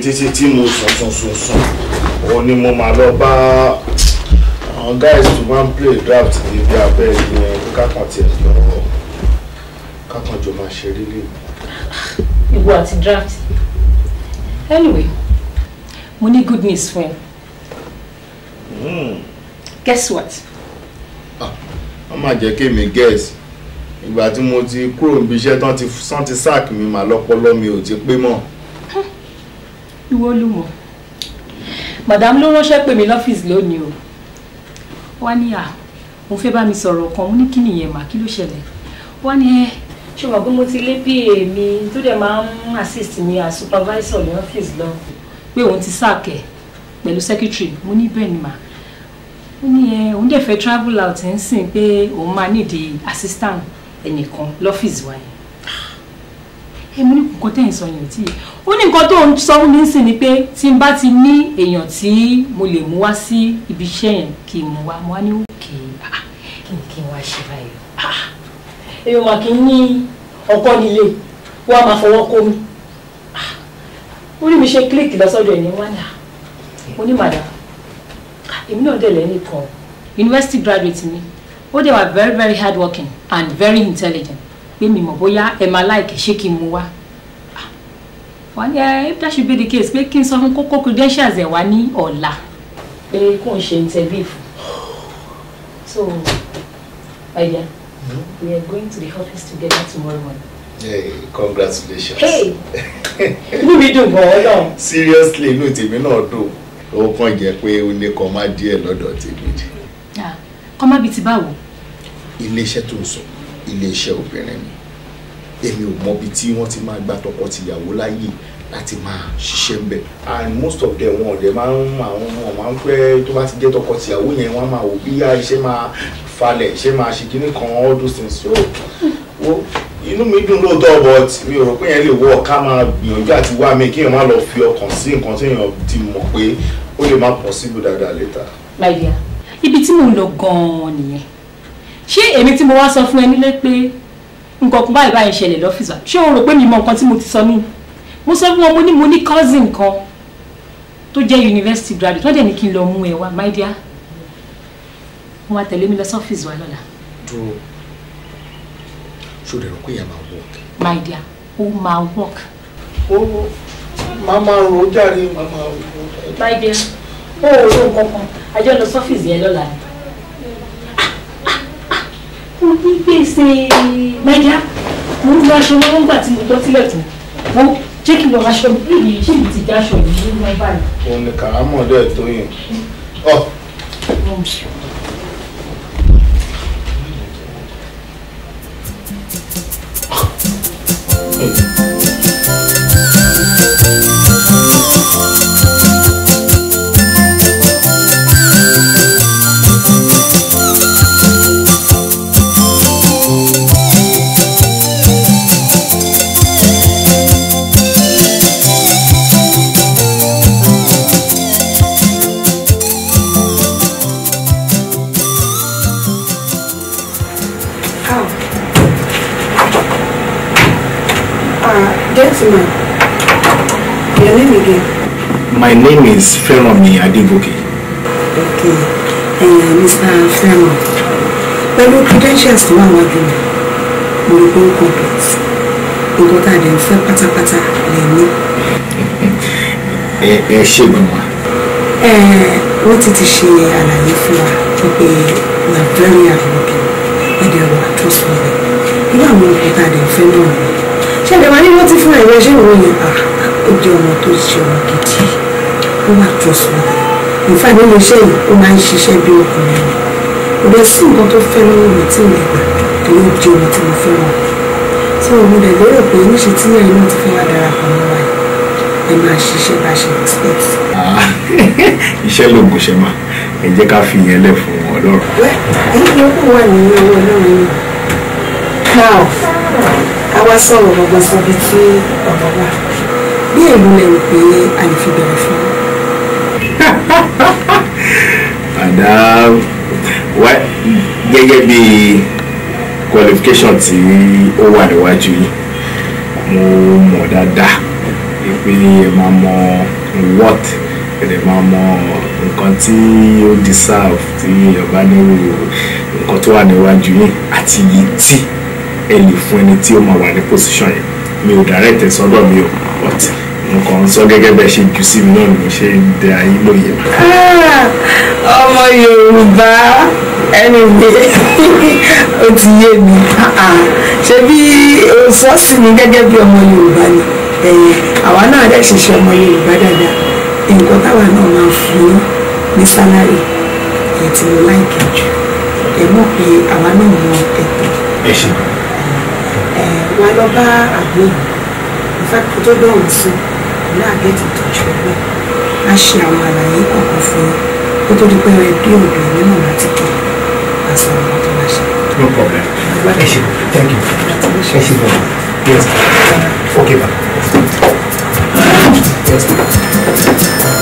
títí tí mo sùn sùn sùn sùn òun ni mo máa lọ bá àwọn guys tó máa play draft níbi abẹ́ ìyẹn kákan tiẹ̀ lọ kákan jọ máa ṣe rí lè. ìwọ àti draft anyway mo ní good news fún ẹ. Hmm. guess what. Ah, wọ́n máa jẹ́ kí èmi guess ìgbà tí mo ti kúrò níbi iṣẹ́ tán ti sáàkì mi mà lọ́pọlọ mi ò ti pé mọ́ olúwolúmọ madam ló ránṣẹ́ pè mí lọ́fíìsì lónìí o wá ní à mo fẹ́ bá mi sọ̀rọ̀ kan mo ní kí nìyẹn mà kí ló ṣẹlẹ̀ wá ní ẹ ṣe mọ̀ pé mo ti lé bí èmi tó dẹ̀ máa ń assist mi as supervisor ní ọ́fíìsì lọ. pé òun ti sáàkẹ̀ pẹ̀lú secretary mo ní bẹ́ẹ̀ ni mà ó ní ẹ òun dẹ̀ fẹ́ travel out ẹ̀ ń sìn pé òun máa nídìí assistant ẹnìkan lọ́fíìsì wa èmi ní kòkó tẹ̀ ń sọ yẹn tí ó ní nǹkan tó ń sọ fún mi ń sìn ni pé tí n bá ti ní èèyàn tí mo lè mú wá sí ibi iṣẹ́ yẹn kì í mú wá mo wá ní òkè ah, kí n kí n wá ṣe báyìí ah, èmi wà kí n ní ọkọ nílé wọ́n máa fọwọ́ kó mi ah, ó ní mi ṣe kílíkì lọ́sọ́dọ̀ ẹ̀yìn wá náà mo ní màdà èmi náà dẹ̀ lẹ́nìkan. university graduate mi ó dẹ̀ wà very very hardworking and very intelligent pé mi mọ̀ bóyá ẹ máa láìkẹ́ ṣé kí n mú wá ah, wọ́n ní eh, if that should be the case pé kí n sọ fún kókó credentials ẹ̀ wá ní ọ̀la pé kò ń ṣe interview so my dear mm we are going to the office together tomorrow morning. Hey, congratulations. Hey! Inú mi dùn gan Ọlọ́run. Seriously, inú tèmi náà dùn. Ó kàn jẹ́ pé ó ní kọ́ má díẹ̀ lọ́dọ̀ tèmi. Ah, kọ́ má bíi ti báwo? Iléeṣẹ́ tó ń sọ iléeṣẹ́ obìnrin ni èmi ò mọbi tí wọ́n ti máa gba tọkọ-tìyàwó láyè láti máa ṣiṣẹ́ ń bẹ̀. and most of them wọn ọ̀dẹ̀ máa ń àwọn wọn máa ń pẹ́ tó bá ti jẹ́ tọkọ-tìyàwó yẹn wọ́n máa wò bí iṣẹ́ máa falẹ̀ iṣẹ́ máa ṣe kíní kan all those things so inú mi dùn lóòótọ́ but mi ò rò pé yẹn lè wọ ká máa gbìyànjú àti wá mi kéèyàn má lọ fi ọkàn sí nǹkan tí èèyàn ti mọ̀ pé ó lè má possible dáadáa later. my dear ibi tí mò ń lọ gan-an nìyẹn ṣé èmi tí mo wá sọ fún ẹ nílé pé nǹkan kan báyìí báyìí ṣẹlẹ̀ lọ́fíìsì ṣé o rò pé mi mọ nǹkan tí mo ti sọ ní mo sọ fún wọn mo ní mo ní cousin kan tó jẹ́ university graduate wọ́n dẹ̀ ní kí n lọ mú ẹ wá my dear wọ́n wá tẹ̀lé mi lọ sọ́fíìsì wa lọ́la. dúró ṣó lè rò pé ìyá máa work. my dear o máa work. ó máa máa rò ó jàre máa máa rò ó. my dear ó rò ó nǹkan kan àjọ lọ sọ́fíìsì yẹn lọ́la ní gbèsè mẹ́jà mo ń lọ aṣọ wọn nígbà tí mo gbọ́ sílẹ̀ tó wọ́n jẹ́ kí n lọ aṣọ mi yìí ṣé mi ti dáṣọ yìí ní mọ́ báyìí. òun ni kàrámọ̀ dẹ́ tó yẹn. My name is Feranmi Adegboke. Okay, uh, Mr. Feranmi, pẹ̀lú credentials tó wà wájú mi, mo rò pé ó complete. Nǹkan tá a lè fẹ́ pátápátá lè ní. Ẹ ṣe gbọ̀ngàn. Ẹ wọ́n ti ti ṣe àlàyé fún wa pé we are very hardworking, ẹ̀dẹ̀ wà trustworthy. Irú àwọn nǹkan tá a lè fẹ́ náà ni. Ṣé ẹ̀dẹ̀ wa ní wọ́n ti fún ẹ̀rọ ẹ̀ṣẹ̀ ìròyìn? Ah, ó jẹ́ ọmọ tó ṣe ọmọ gidi ó wà trustworthy ìfà nínú iṣẹ́ yìí ó máa ń ṣiṣẹ́ bí ọkùnrin rẹ̀ kò dẹ̀ sí nǹkan tó fẹ́ lọ́wọ́ mi tí ìlẹ̀ gbà tó yóò di ohun tí mo fẹ́ràn tí òun dẹ̀ lérò pé níṣe tí ẹ̀yin náà ti fẹ́ wá darapọ̀ mọ́ wa ẹ máa ṣiṣẹ́ bá ṣe expect. Ah, (laughs) iṣẹ́ ló kò ṣe máa ẹ jẹ́ ká fi yẹn lẹ̀ fún ọlọ́run. èyí ló kù wà nínú owó ọlọ́run yìí now a wá sọ̀rọ̀ gbogbo sọ́bi tí ọ̀rọ̀ wà bí èlú lẹ́rù pé a fi bẹ̀rẹ̀ fún un. And madam um, wá gẹ́gẹ́ bí qualification tí ó wà níwájú yìí mo mọ̀ dáadáa pé ẹ máa mọ what ẹ dẹ̀ máa mọ nǹkan tí ó deserve tí èèyàn bá nílò nǹkan tó wà níwájú yìí àti iye tí ẹ lè fún ẹni tí ó máa wà ní position yẹn mi ò direct ẹ sọ́dọ̀ mi o but nǹkan sọ gẹ́gẹ́ bẹ́ẹ̀ ṣe jù sí mi náà ló ṣe ń dẹ ayé lóye. Ah, ọmọ yorùbá ẹni gbé (laughs) ó ti yé mi ah, ah, ṣé bí sọ́ọ̀sì mi gẹ́gẹ́ bí ọmọ yorùbá ni àwa náà dẹ̀ ṣẹ̀ṣẹ̀ ọmọ yorùbá dáadáa nǹkan táwa náà máa fún un ní sálárì ètò láìkè jù ẹ mọ̀ pé àwa náà mọ ẹ̀tọ́ ẹ wá lọ bá àbúrò ìfẹ́ kó tó dọ̀hún sí i pẹ̀lú àbẹ́tì ìtọ́jú ẹgbẹ́ a ṣe àwọn àlàyé kọ̀ọ̀kan fún yín kó tó di pé ẹ bí ọ̀dọ̀ ìlú láti kí a sọ ọmọ tó máa ṣe. no problem ẹ ṣe thank you ẹ ṣe bọ̀ yes Okay. ma yes ma.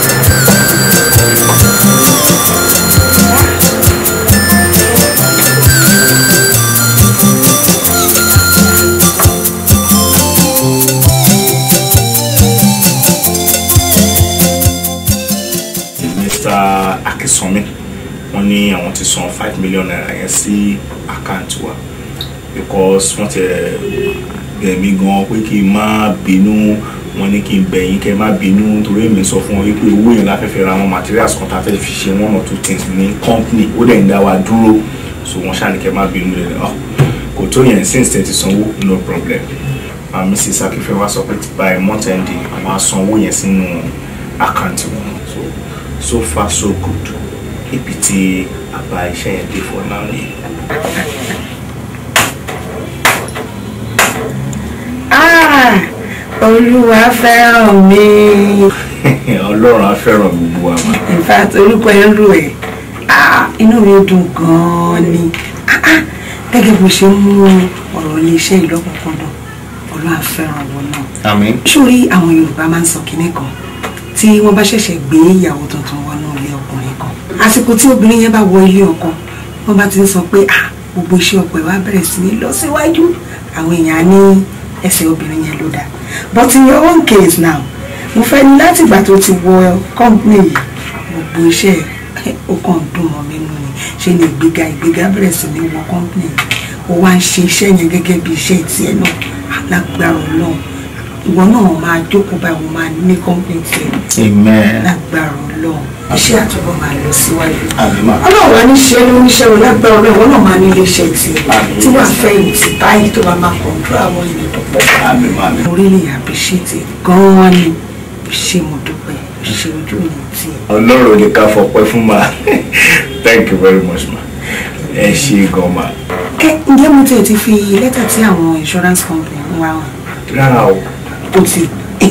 ní àwọn ti san five million naira yẹn sí àkáǹtì wa because wọ́n ti gbẹ̀mí eh, gan pé kí n má bínú wọ́n ní kí n bẹ̀ yín kẹ́ má bínú torí èmi sọ fún wọn pé owó yẹn láfẹ́fẹ́ ra àwọn materials kan tá a fẹ́ fi ṣe one or two things ní company ó dẹ̀ ń dá wa dúró so wọ́n ṣáà ní kẹ́ má bínú lẹ́nu ọ̀ ah, kò tó yẹn since thirty ti sanwó no problem àmì sí sákífẹ́ wá sọ pé by month end wọ́n á sanwó yẹn sínú àkáǹtì wọn so so far so good ibi tí a bá iṣẹ́ yẹn dé fún náà nìyẹn. Ah, olúwa fẹ́ràn mi. (laughs) ọlọ́run á fẹ́ràn gbogbo wa. in fact orúkọ ẹrú ẹ ah, inú mi dùn gan-an ni ah, gẹ́gẹ́ bó ṣe ń mú ọ̀rọ̀ iléeṣẹ́ ìlọ́kùnkúndùn ọlọ́run á fẹ́ràn wọn náà. àmín. sórí àwọn yorùbá máa ń sọ kinní kan tí wọ́n bá ṣẹ̀ṣẹ̀ gbé ìyàwó tuntun wọnú àsìkò tí obìnrin yẹn bá wọ ilé ọkọ wọn bá ti ń sọ pé ah gbogbo iṣẹ́ ọkọ ẹ̀ wá bẹ̀rẹ̀ sí ní lọ síwájú àwọn èèyàn á ní ẹsẹ̀ obìnrin yẹn ló dáa but in your own case now mo fẹ́ ní láti ìgbà tó ti wọ company yìí gbogbo iṣẹ́ ó kàn dùn mọ́ mi nù ni ṣe ni ìgbéga ìgbéga bẹ̀rẹ̀ sí ní wọ company yìí ó wá ń ṣe iṣẹ́ yẹn gẹ́gẹ́ bí iṣẹ́ tiẹ̀ náà alágbára ọlọ́run ìwọ náà máa jókòó báyìí wọ́n máa ní company tiẹ̀ lágbára ọlọ́run iṣẹ́ àtúbọ̀ máa lọ síwájú. ọlọ́run wa níṣẹ́ ló níṣẹ́ o lágbára ọlọ́run wọn náà máa ní iléeṣẹ́ tí tí wàá fẹ́ ìtì báyìí tó bá máa kọ̀ǹtó àwọn ènìyàn tó pọ̀. mo rí ní àbíṣètì gan-an ni ṣé mo dúpẹ́ ṣé ojú mi ti. ọlọ́run ni ká fọpẹ́ fún ma (laughs) thank you very much ma ẹ ṣe gan ma. ẹ ǹjẹ́ mo tiẹ̀ ti fi lẹ́tà tí àwọn insurance company ń wá wọn. rárá o. o ti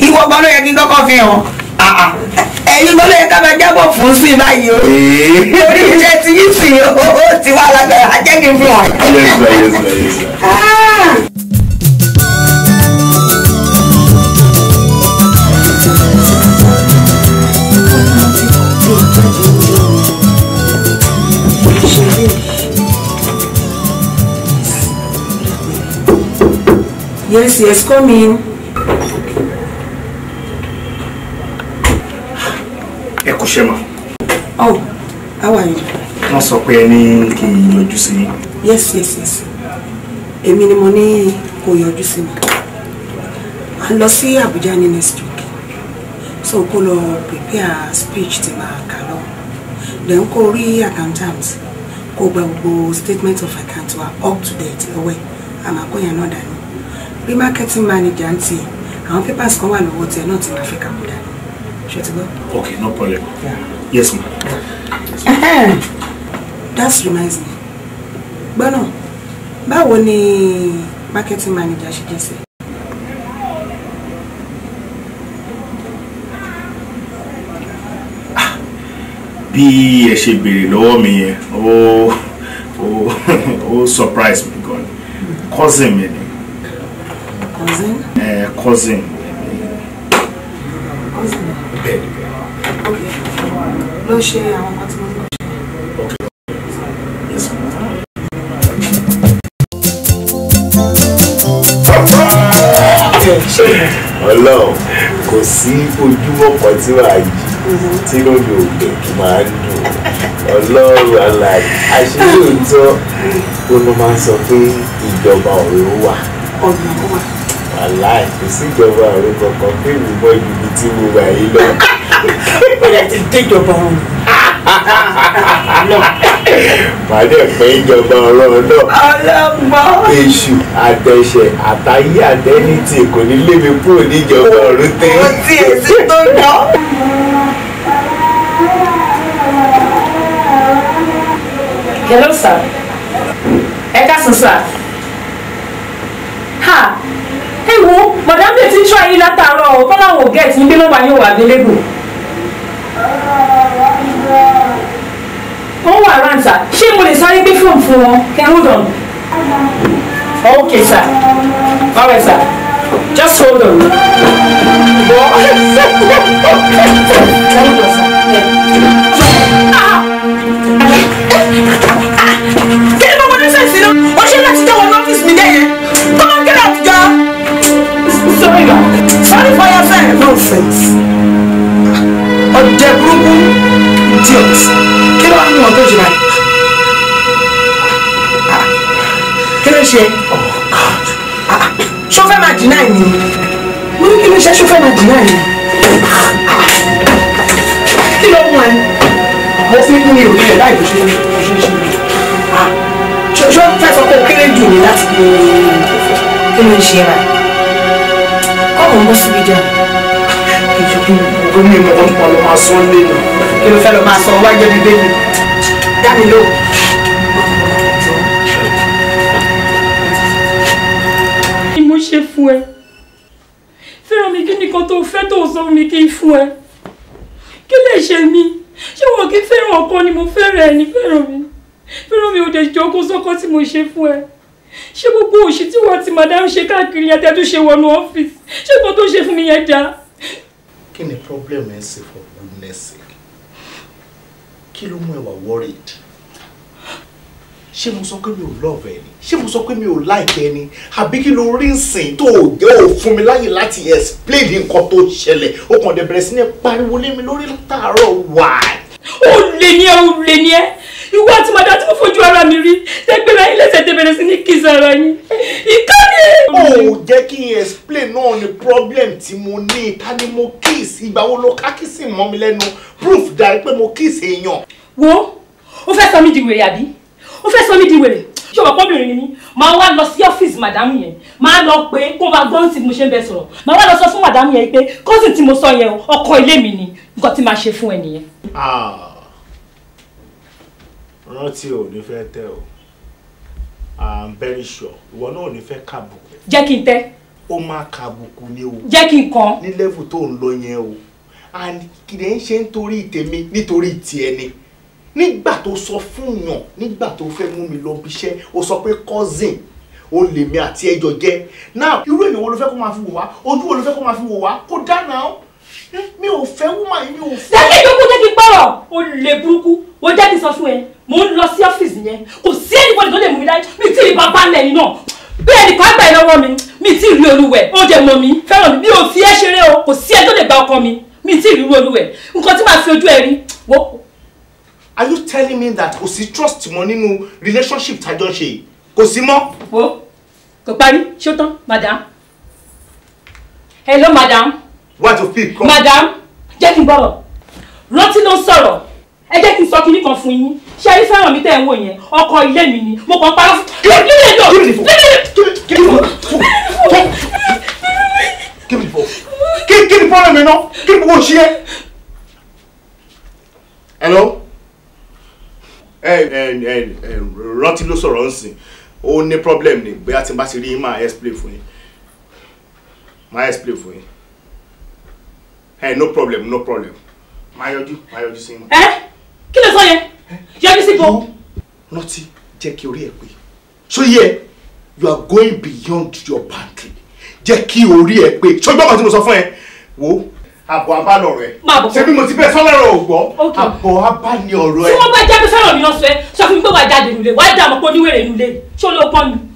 ìwọ gbọ́dọ̀ yẹ kí n kọ́kọ́ fi hàn ẹ̀yin ló lè ká máa jábọ̀ fún sí báyìí o torí iṣẹ́ ti yí sí o ti wá lágbára ajẹ́ kí n Yes, yes, come in. ṣe oh how are you. wọ́n sọ pé ẹni kì í yọjú sí i. yes yes yes èmi ni mo ní kò yọjú sí mi à ń lọ sí Àbújá ní next week so kó lọ prepare speech ti máa kà lọ then kó rí accountant kó gba gbogbo statement of account wa up to date lọ́wọ́ ẹ̀ àmọ́ kó yẹn náà dání bí marketing manager ń tiẹ̀ àwọn papers kan wà lọ́wọ́ tiẹ̀ náà ti máa fi kàkúdà ní ṣe ti gbọ́. okay no problem yeah. yes ma'am. Yeah. that reminds me But no, gbọ́nà báwo ni marketing manager She just sí. Ah, bí ẹ ṣe béèrè lọ́wọ́ mi yẹn ó ó surprise me gan cousin mi ni. cousin. ẹ eh, cousin. cousin bẹ́ẹ̀ ok lọ ṣe àwọn kan tí mo ní kọ́. ọlọ́run kò sí ojúmọ́ kan tí màá yí mm-hmm. tí lóde òde kì máa ń dùn ọlọ́run aláàyè àṣírí òótọ́ ó ló máa ń sọ pé ìjọba ọ̀run wà. ọ̀nà wà aláì kò síjọba ọ̀rọ̀ kankan pé mi mọ ibi tí mo wà yìí lọ. bẹ́ẹ̀ (laughs) ti déjọba ọ̀run. pàdé (laughs) pé ìjọba ọ̀rọ̀ náà. ọlọ́mọ. èṣù àtẹ̀ṣẹ̀ àtàyé àtẹ́nìtì kò ní lé mi kúrò níjọba ọ̀run tẹ́. mo ti èsì tó lọ. hello sir ẹ káàsán sir. ha wo madam dey ti try yín látàárọ̀ o kọ́lá wò get yín bí mo bá yín wà délébù. ó wà rántà ṣé mo lè sáré gbé fóònù fún wọn kẹ́ hold on. okay sir all right sir just hold on. (laughs) Ah! (laughs) (laughs) ah! sorry for yourself. nonsense ọ̀dẹ̀ burúkú idiot kí ló wà nínú ọ̀dọ́ jù báyìí kí ló ṣe ṣọfẹ́ máa deny ni mo ní kí ló ṣe ṣọfẹ́ máa deny ni kí ló mú ẹ mo fi ń mi ò rí ẹ láì bó ṣe ṣe sọ pé ó kéré jù mí láti kí ló ń ṣe báyìí ń bọ́ síbi jà. ìjọ kí ló ní ìmọ̀ nípa ló máa sọ lé nù. kí ló fẹ́ lọ máa sọ wájú ẹbí bẹ́ẹ̀ dá mi lóhùn. ni mo ṣe fún ẹ fẹ́ràn mi kí nìkan tó fẹ́ tó sọ mi kí n fún ẹ kí lè ṣe mí ṣé wọn kí fẹ́ràn ọkọ ni mo fẹ́ràn ẹ ní fẹ́ràn mi fẹ́ràn mi ò dẹ̀ jọ kó sọ́kọ́ tí ṣé gbogbo òṣì tí wọ́n ti madam ṣe káàkiri yẹn tẹ́ tó ṣe wọnú ọ́fíìsì ṣé nǹkan tó ṣe fún mi yẹn dáa. kí ni problem ẹ ṣe for goodness sake kí ló mú ẹ wà worried ṣé mo sọ pé mi ò love ẹ ni ṣé mo sọ pé mi ò like ẹ ni àbí kí ló rí nsìn tó o jẹ́ ò fún mi láyè láti explain nǹkan tó ṣẹlẹ̀ ó kàn dẹ̀ bẹ̀rẹ̀ sí ní pariwo lé mi lórí látàárọ̀ wáì ó lè ní ẹ ó lè ní ẹ ìwọ àti màdá tí mo fojú ara mi rí tẹgbẹrẹ ayé lẹsẹ tẹbẹrẹ sí ní kìsà ara yín ìkànnì. o ò jẹ́ kí n explain náà ni problem tí mo ní ta ni mo kiss ìgbà wo ló ká kiss mọ́ mi lẹ́nu proof dárí pé mo kiss èèyàn. wo o fẹ́ sọ mí di wèrè àbí o fẹ́ sọ mí di wèrè ṣé ọ̀pọ̀ obìnrin ni máa wá lọ sí ọ́fíìsì màdámù yẹn máa lọ pé kó bá gbọ́n tí mo ṣe ń bẹ sọ̀rọ̀ máa wá lọ sọ fún màdámù yẹn pé kọ́sìn tí mo sọ yẹn ọkọ ilé mi ni nǹkan tí máa ṣe fún ẹ nìyẹn. Ah, rántí ò ní fẹ́ tẹ o i'm very sure ìwọ náà ò ní fẹ́ kàbùkù. jẹ́ kí n tẹ́. ó máa kàbùkù ni o. jẹ́ kí n kàn. ní level tó ń lọ yẹn o and kìdẹ̀ ń ṣe nítorí tèmi nítorí tiẹ̀ ni nígbà tó sọ fún yàn nígbà tó fẹ́ mú mi lọ bíṣẹ́ ó sọ pé cousin ó lèmi àti ẹjọ jẹ náà irú èèyàn wo ló fẹ́ kó máa fi wò wá ojú wo ló fẹ́ kó máa fi wò wá kó dáná o mi ò fẹ́ woman yìí mi ò fẹ́. jẹ́ kí ìjókòó jẹ́ kí gbọ́rọ̀ o lè burúkú o jẹ́ kí sọ fún ẹ mò ń lọ sí ọ́fíìsì yẹn kò sí ẹnìkan tó lè mú mi láyé mi tí ì bá lẹ̀ yìí náà bí ẹnìkan gbà ẹ lọ́wọ́ mi mi tí ì rí olúwẹ̀ ó jẹ mọ́ mi fẹ́ràn mi ò fi ẹ́ ṣeré o kò sí ẹ tó lè gba ọkọ mi mi tí ì rí olúwẹ̀ nǹkan tí màá fi ojú ẹ rí are you telling me that kò sí trust mọ́ nínú relationship tàjọ ṣe kò sí mọ́. wo kò parí ṣó tán madam hello madam wá tó fi kọ́. madam jẹ́ kí n bọ̀rọ̀ rántí ló ń sọ̀rọ̀ ẹ jẹ́ kí n sọ kinní kan fún yín ṣé ẹ fẹ́ràn mi tẹ́ ẹ̀ ń wò yẹn ọkọ ilé mi ni mo kàn parọ́ fún mi lè lò kí ni fọ kí ni fọ́ọ̀rọ̀ mi náà kí ni fọ́ọ̀rọ̀ ṣí ẹ. hello ẹ ẹ ẹ rántí ló sọ̀rọ̀ ń sìn ó ní problem ni bóyá tí n bá ti rí yín máa explain fún yín máa explain fún yín. Hey, no problem no problem máa yọjú máa yọjú sí wọn. ẹ kí ló sọ yẹn yọjú sí bo. rántí jẹ́ kí orí ẹ̀ pé so yẹ you are going beyond your boundary jẹ́ kí orí ẹ̀ pé ṣọgbọ́n kan tí mo sọ fún ẹ wo àbọ̀ abálọ̀ rẹ̀ ṣé bí mo ti bẹ́ẹ̀ sọ́lọ́rọ̀ ò gbọ́ àbọ̀ abá ni ọ̀rọ̀ ẹ̀. tí wọ́n bá jáde sọ̀rọ̀ mi lọ́sọ̀ẹ́ sọ fún mi pé wàá jáde nílé wàá dààmú pé oníwèrè nílé ṣó ló pọ́n mi.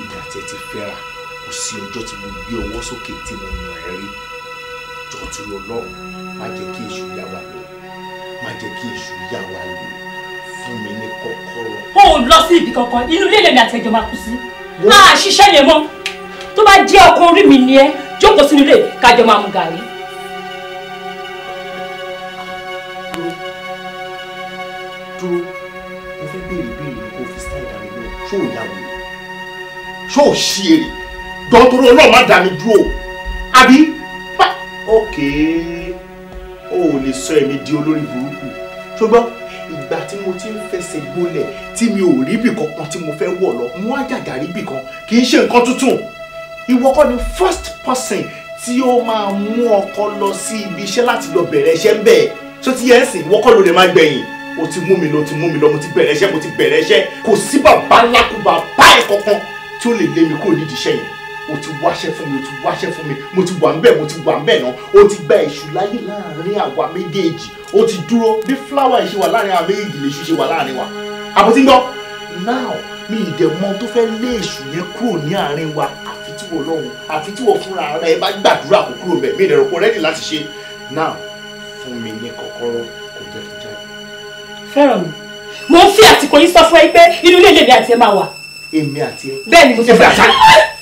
èmi àti ẹ ti fẹ́ra kò sí ọjọ́ tí mo gbé ọwọ́ sókè tí mo yàn ẹ́ rí jọ̀tún ọlọ́run má jẹ́ kí èṣù yá wa lọ má jẹ́ kí èṣù yá wa lọ fún mi ní kọ́kọ́rọ́. ó lọ sí ibi kankan inú ilé lèmi àti ẹjọ máa kú sí a ṣiṣẹ́ yẹn mọ́ tó bá jẹ́ ọkọ mi ni ẹ jókòó sínú ilé kájọ máa mu gàrí. ṣó ò ṣí èrè dọ́tòrò náà má dá mi dúró àbí pa òkè o ò lè sọ èmi di olórí burúkú ṣùgbọ́n ìgbà tí mo ti ń fẹsẹ̀ gbolẹ̀ tí mi ò rí bì kankan tí mo fẹ́ wọ̀ lọ mú àjàgà rí bì kì í ṣe nǹkan tuntun ìwọ kọ́ ni first person tí ó máa mú ọkọ lọ sí ibi iṣẹ́ láti lọ bẹ̀rẹ̀ iṣẹ́ ń bẹ̀ ṣó ti yẹ ẹ́ sìn ìwọ kọ́ ló lè má gbẹ̀yìn o ti mú mi lọ o ti mú mi lọ mo ti bẹ̀rẹ̀ iṣẹ́ mo ti bẹ̀rẹ̀ iṣẹ́ kò sí bàbá ńlá kò bàbá ẹ̀ kankan tí ó lè lé mi kúrò nídìí iṣẹ́ yẹn o ti wáṣẹ́ fún mi o ti wáṣẹ́ fún mi mo ti wà ń mo ti wà ń náà o ti gba èṣù láyé láàrin àwa méjèèjì o ti dúró bí fúláwà ẹ̀ wà láàrin àwa méjèèjì lèṣù ṣe wà láàrin wa àbótí ń gbọ́ now mi ìdẹ̀mọ tó fẹ́ lé èṣù yẹn kúrò ní àárín wa àfi tí wọ́n lọ́hùn àfi tí wọ́n fúnra rẹ̀ bá gbàdúrà kó kúrò mbẹ̀ mi ìdẹ̀rọ̀ kó rẹ́dì láti ṣe now fún mi ní kọ́kọ́rọ́ kò jẹ́ kí jáde. fẹ́ràn mi mo ń fi àtìkò yín sọ fún ẹ pé inú ilé ìlèdè èmi àti ẹ. bẹ́ẹ̀ ni mo sọ fún mi.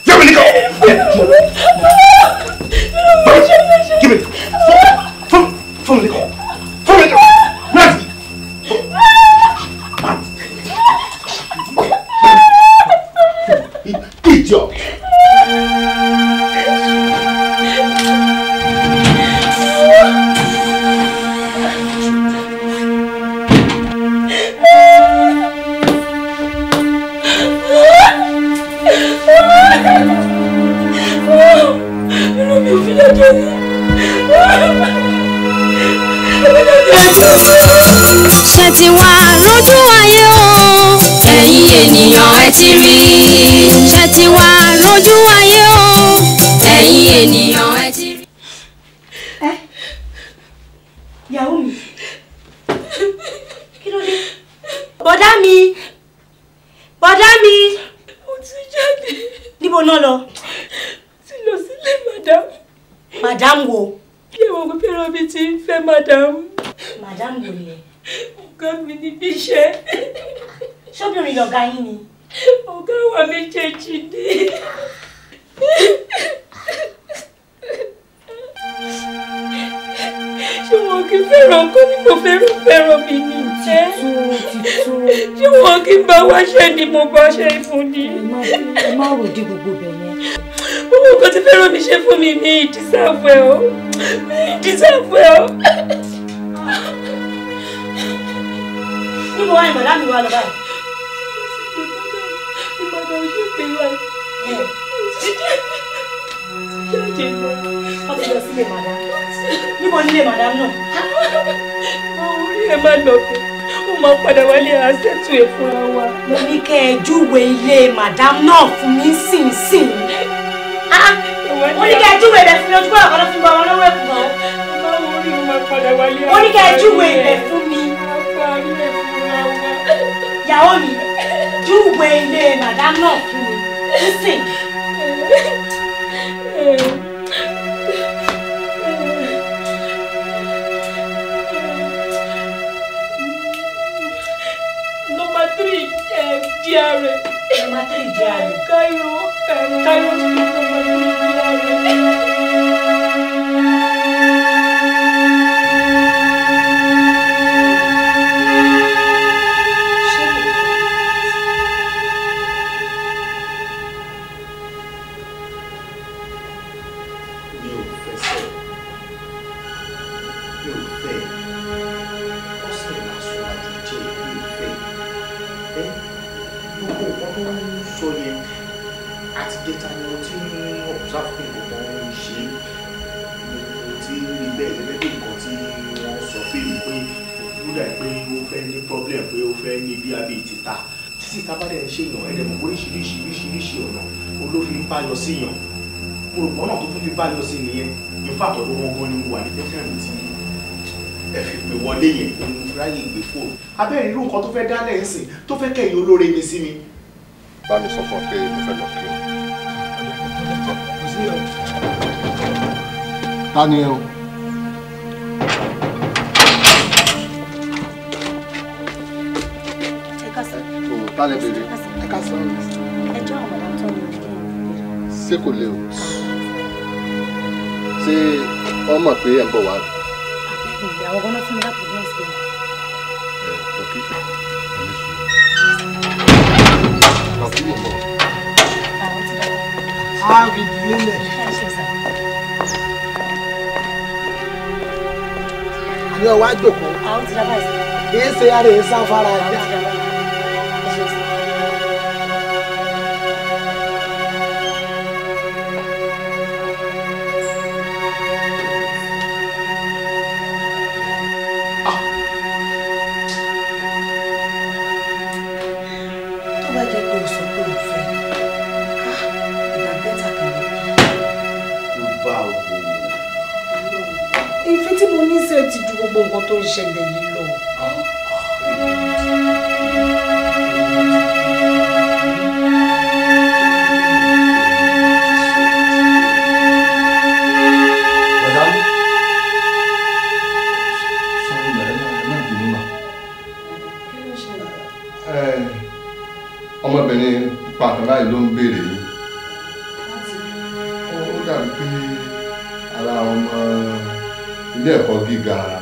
yẹ́mi ní kọ́. fún mi fún mi ní fún mi ní kí n fẹ́ràn kó ní mo fẹ́ràn fẹ́ràn mi ní jẹ́ ṣé wọn kí n bá wáṣẹ́ ni mo bá ṣe fún ni. ẹ má rò dé gbogbo bẹ̀ yẹn. owó kan ti fẹ́ràn mi ṣe fún mi ní ìdísàfẹ́ o ìdísàfẹ́ o. níbo wá ìmọ̀lá mi wà lọ báyìí. ìbàdàn ìṣe pé wà. jáde lọ. wọ́n ti lọ sílé màdá níbo nílé madam náà. (laughs) orí ẹ má lọ bẹ ó máa padà wálé àṣẹtù ẹ fúnra wa. mo ní kẹ́ ẹ júwe ilé madam náà fún mi sínsìn. Ah! mo ní kẹ́ ẹ júwe ibẹ̀ fún mi ojú bọ́lá kan ló fi gba ọmọ lọ́wọ́ ẹ̀kú náà. mo ní kẹ́ ẹ júwe ibẹ̀ fún mi. ìyàwó mi júwe ilé madam náà fún mi sínsìn. jàre. ẹ máa tẹ̀ jàre. káyọ̀ káyọ̀ sí ọmọ tó jàre. bí abẹ́ ìtìta títí tá bá dẹ̀ ń ṣèyàn ẹ̀rẹ̀ mọ̀ oríṣiríṣi oríṣiríṣi ọ̀nà olófin ń bá yọ síyàn mo rò pọ́nà tó tún fi bá yọ sí nìyẹn ìfàtọ̀ ló wọ́n gan ni mo wà ní fẹ́fẹ́rù tí ẹ fi pè wọlé yẹn òun fúráyè gbé fóònù abẹ́rẹ́ irú nǹkan tó fẹ́ dálẹ̀ ń sìn tó fẹ́ kẹ̀yìn olóore mi sí mi. bá mi sọ fún ọ pé mo fẹ́ lọ kí o. ta ni ẹ o. balẹ̀ bèrè ẹ ká sọ ọ́ ẹjọ́ àwọn ọ̀dà tó lè rí ṣé kò lè o ṣé wọ́n mọ̀ pé ẹ̀gbọ́n wa. àwọn ọ̀gá náà fún mi láti ọdún ọ̀sẹ̀ yìí. Abi dinle. Àwọn ìwádìí kò. Àwọn ti dábàá ìsìn. Kì í ṣe ara ìsáfárá ẹja. gbogbo nǹkan tó ń ṣẹlẹ̀ yìí lọ. Eh, ọmọbìnrin pàtàkì báyìí ló ń béèrè yìí ó dàbí pé ara ọmọ ilé ẹ̀kọ́ gíga ara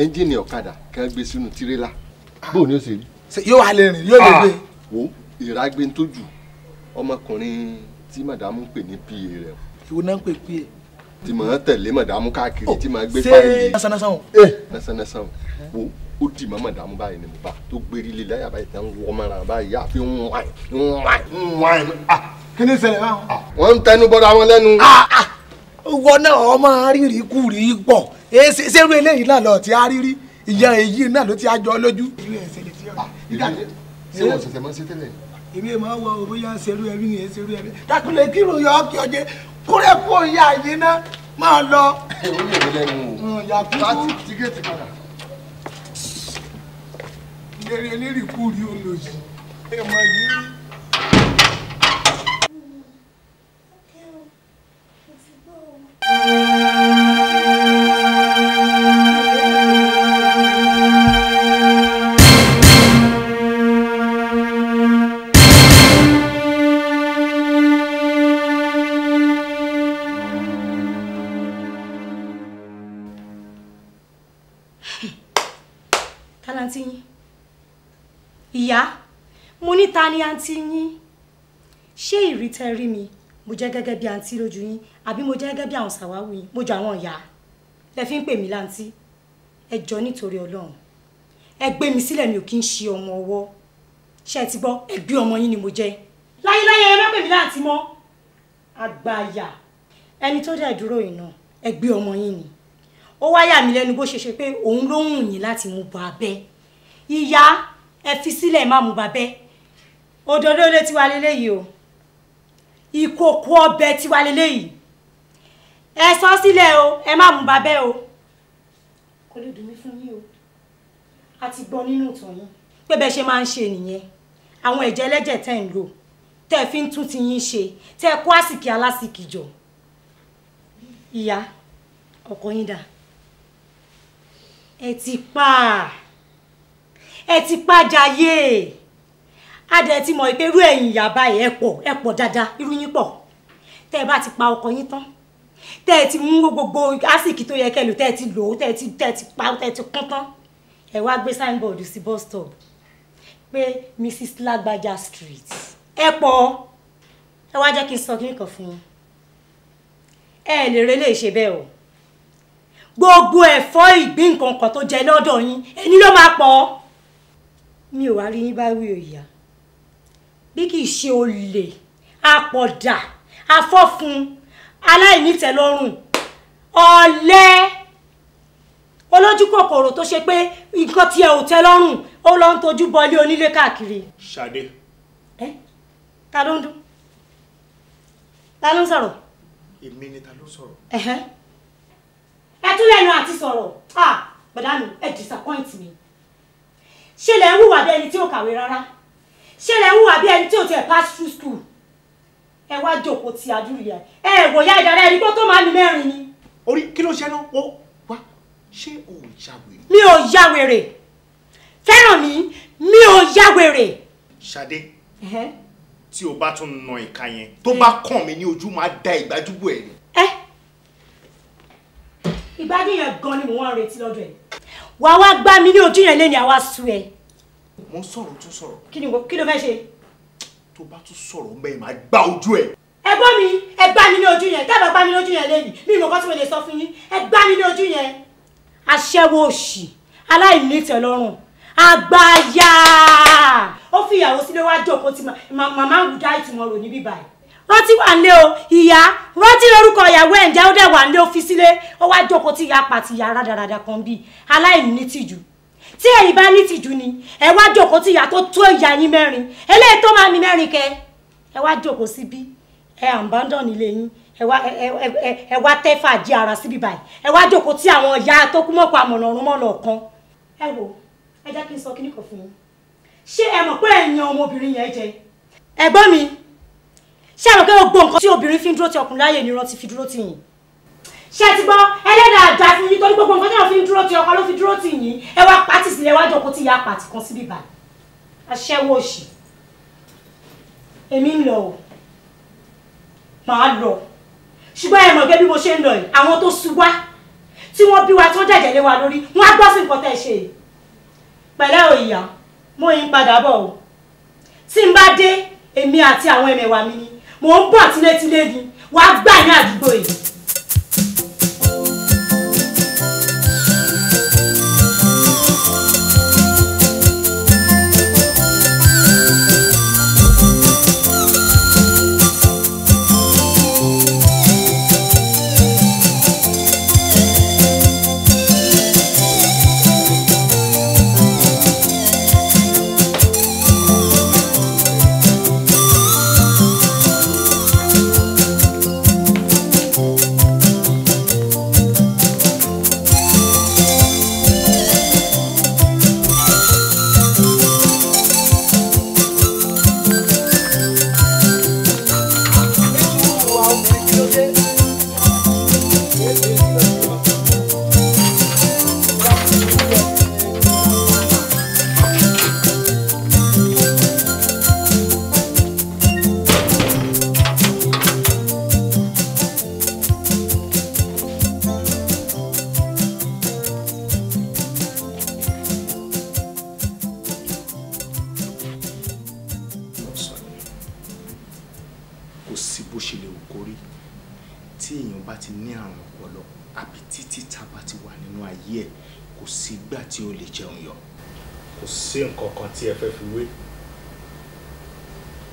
ẹ́ńjìnì ọ̀kadà kí wọ́n gbé sínú tirẹ́là bóun ni ó ṣe rí. yóò wá lè rìn yóò lè ah. gbé. wo ìrágbé tó jù ọmọkùnrin tí màdàmú ń pè ní pa rẹ. ìwọ náà ń pè pa. tí màá tẹ̀lé màdàmú káàkiri oh, tí màá gbé fáìlì. ṣé nasanasa o. ee nasanasa o wo ó dì mọ́ màdàmú báyìí ni mo bá tó gbérí lé láyà báyìí tán wọ́ mara báyìí yá fi ń wáìn ń wáìn ń wáìn. Ah! kí ni ṣẹlẹ̀ báwọn. Ah! wọ́n ń tẹnu bọ́dọ̀ àwọn lẹ́nu wọ náà ọmọ rírì kù rí pọ̀ ṣerú eléyìí náà lọ ti á rírí ìyá èyí náà ló ti á jọ lójú. ṣé ah, wọ́n ṣẹ̀ṣẹ̀ máa ń ṣe tẹ́lẹ̀? èmi ẹ̀ máa wọ owó yá ṣerú ẹbí yẹn ṣerú ẹbí dákúlẹ̀ kí ló yọ ọ́kì ọjẹ́ kúrẹ́ kú òye àyè náà máa lọ. ó lè wọlé mu o. yàtúkú láti tíkẹ́ẹ̀tì padà. ìyẹn elérìkú rí olóyè ẹ̀ máa yí rí. ìyá mo ní ni àǹtí yín ṣé ìrítẹ́ rí mi mo jẹ́ gẹ́gẹ́ bí àǹtí lójú yín àbí mo jẹ́ gẹ́gẹ́ bí àwọn sàwáwù yín mo jọ àwọn ìyá lẹ fi ń pè mí láǹtí ẹ jọ nítorí ọlọ́run ẹ gbé mi sílẹ̀ mi ò kí ń ṣe ọmọ ọwọ́ ṣe ti gbọ́ ẹ gbé ọmọ yín ni mo jẹ́ láyéláyé ẹ má pè mí láǹtí mọ́ àgbàyà ẹni tó dẹ̀ dúró yìí náà ẹ gbé ọmọ yín ni ó wá yà mí lẹ́nu bó ṣe ṣe pé òun ló ń yìn láti mú bọ abẹ́ ìyá ẹ fi sílẹ̀ má mú bàbẹ́ òdòdó lé tiwa lélẹ́yìí o ìkòkò ọbẹ̀ tiwa lélẹ́yìí ẹ sọ sílẹ̀ o ẹ má mú babẹ́ o kò lè dùn mí fún yín o a ti gbọ́ nínú ìtàn yín pé bẹ́ẹ̀ ṣe máa ń ṣe nìyẹn àwọn ẹ̀jẹ̀ ẹlẹ́jẹ̀ tẹ́ ń lò tẹ́ fi ń tún ti yín ṣe tẹ́ kó àsìkí alásìkí jọ ìyá ọkọ yín dà ẹ ti pa ẹ ti pa jayé a dẹ̀ ti mọ̀ pé irú ẹ̀yin ìyá báyìí ẹ pọ̀ ẹ pọ̀ dáadáa irú yín pọ̀ tẹ́ ẹ bá ti pa ọkọ yín tán tẹ́ ẹ ti mú gbogbo àsìkí tó yẹ kẹlò tẹ́ ẹ ti lò ó tẹ́ ẹ ti tẹ́ ẹ ti pa tẹ́ ẹ ti kún tán ẹ wá gbé signboard sí bus stop pé Mrs. Lágbájá street ẹ pọ̀ ẹ wá jẹ́ kí n sọ kí n kàn fún un ẹ lè re lè ṣe bẹ́ẹ̀ o gbogbo ẹ̀fọ́ ìgbín nǹkan kan tó jẹ lọ́dọ̀ yín ẹni ló máa pọ̀ mi ò wá rí yín bá wí òyà bí kì í ṣe olè àpọ̀dà afọ́fun aláìnítẹ̀lọ́rùn ọ̀lẹ olójú kòkòrò tó ṣe pé nǹkan tiẹ̀ ò tẹ́ lọ́rùn ó lọ ń tojú bọlé onílé káàkiri. ṣadé. ẹ ta ló ń dún ta ló ń sọ̀rọ̀. èmi ni ta ló ń sọ̀rọ̀. ẹ tún lẹ́nu àti sọ̀rọ̀ ah bàdánù ẹ disappoint mi ṣe lè ń hùwà bí ẹni tí ò kàwé rárá ṣé ẹ hùwà bí ẹni tí ò tiẹ̀ pass through school ẹ wá jókòó ti àdúrà yẹn ẹ wò ya ìdára ẹni kó tó máa ní mẹ́rin ni. orí kí ló ṣe náà ó wá ṣé o ò ya wèrè. mi ò ya wèrè fẹ́ràn mi mi ò ya wèrè. ṣadé tí o bá tún na ìka yẹn tó bá kàn mí ní ojú máa da ìgbájúgbò ẹ. ẹ ìgbádùn yẹn gan ni mò ń retí lọ́dọ̀ ẹ̀ wàá wá gbá mi ní ojú yẹn lé ní àwa sú ẹ mo ń sọ̀rọ̀ tún sọ̀rọ̀. kí ni kí ló fẹ́ ṣe. tó bá tún sọ̀rọ̀ ń bẹ́ẹ̀ máa gbá ojú ẹ̀. ẹ gbọ́ mi ẹ gbá mi ní ojú yẹn dábàá gbá mi ní ojú yẹn lẹ́yìn mi ìmọ̀ kan tí mo lè sọ fún yín ẹ gbá mi ní ojú yẹn. aṣẹ́wó òṣì aláìnítẹ̀lọ́rùn àgbáyà ó fi ìyàwó sílé wá jókòó tí màmá ń dá ìtumọ̀ rò ní bíbá ẹ̀ rántí wà ń lé o ìyá rántí lórúkọ ìyàwó ẹ̀ ń jẹ́ ó dẹ̀ wà ń lé ó fi sílé ó wá jókòó tí ìyá pàtì ìyá rádaràda kan bíi aláìnítìjú tí ẹ̀yin bá ní tìjú ni ẹ wá jókòó tí ìyá tó tó ìyá yín mẹ́rin eléyìí tó máa ní mẹ́rin kẹ ẹ wá jókòó síbí ẹ àǹbándàn nílé yín ẹ wá ẹ wá tẹ́ fàájì ara síbí báyìí ẹ wá jókòó tí àwọn ìyá tó kú mọ́kọ àmọ̀nà ọ̀run mọ́nà ọ̀kan. ẹ wo ẹ jẹ́ kí n sọ kíní kan fún yín ṣé ẹ mọ̀ pé ẹ̀yàn ọmọbìnrin yẹn jẹ ẹ̀gbọ́n mi ṣé ẹ mọ̀ pé gbogbo nǹkan tí obìnrin fi ń ti ọkùnrin láyè ni irọ́ ti fi dúró ti yìn ṣe ti gbọ́ ẹlẹ́dàá àjà fún yín torí gbogbo nǹkan tí wọ́n fi ń dúró ti ọkọ ló fi dúró tì yín ẹ wá pàtì sílẹ̀ wá jọ kó ti ya pàtì kan síbí báyìí aṣẹ́wó òṣì èmi ń lọ o màá lọ ṣùgbọ́n ẹ mọ̀ gẹ́gẹ́ bí mo ṣe ń lọ yìí àwọn tó ṣu wá tí wọ́n bí wa tó jẹ̀jẹ̀ lé wa lórí wọ́n á gbọ́ sí nǹkan tẹ̀ ṣe pẹ̀lẹ́ òyìyà mo yín padà bọ̀ o tí n bá dé èmi àti àwọn ẹ̀mẹ̀wà mi ni mò ń bọ̀ tílétílé ni wàá gbà ní àdúgbò yìí. tí ẹ fẹ́ fi wé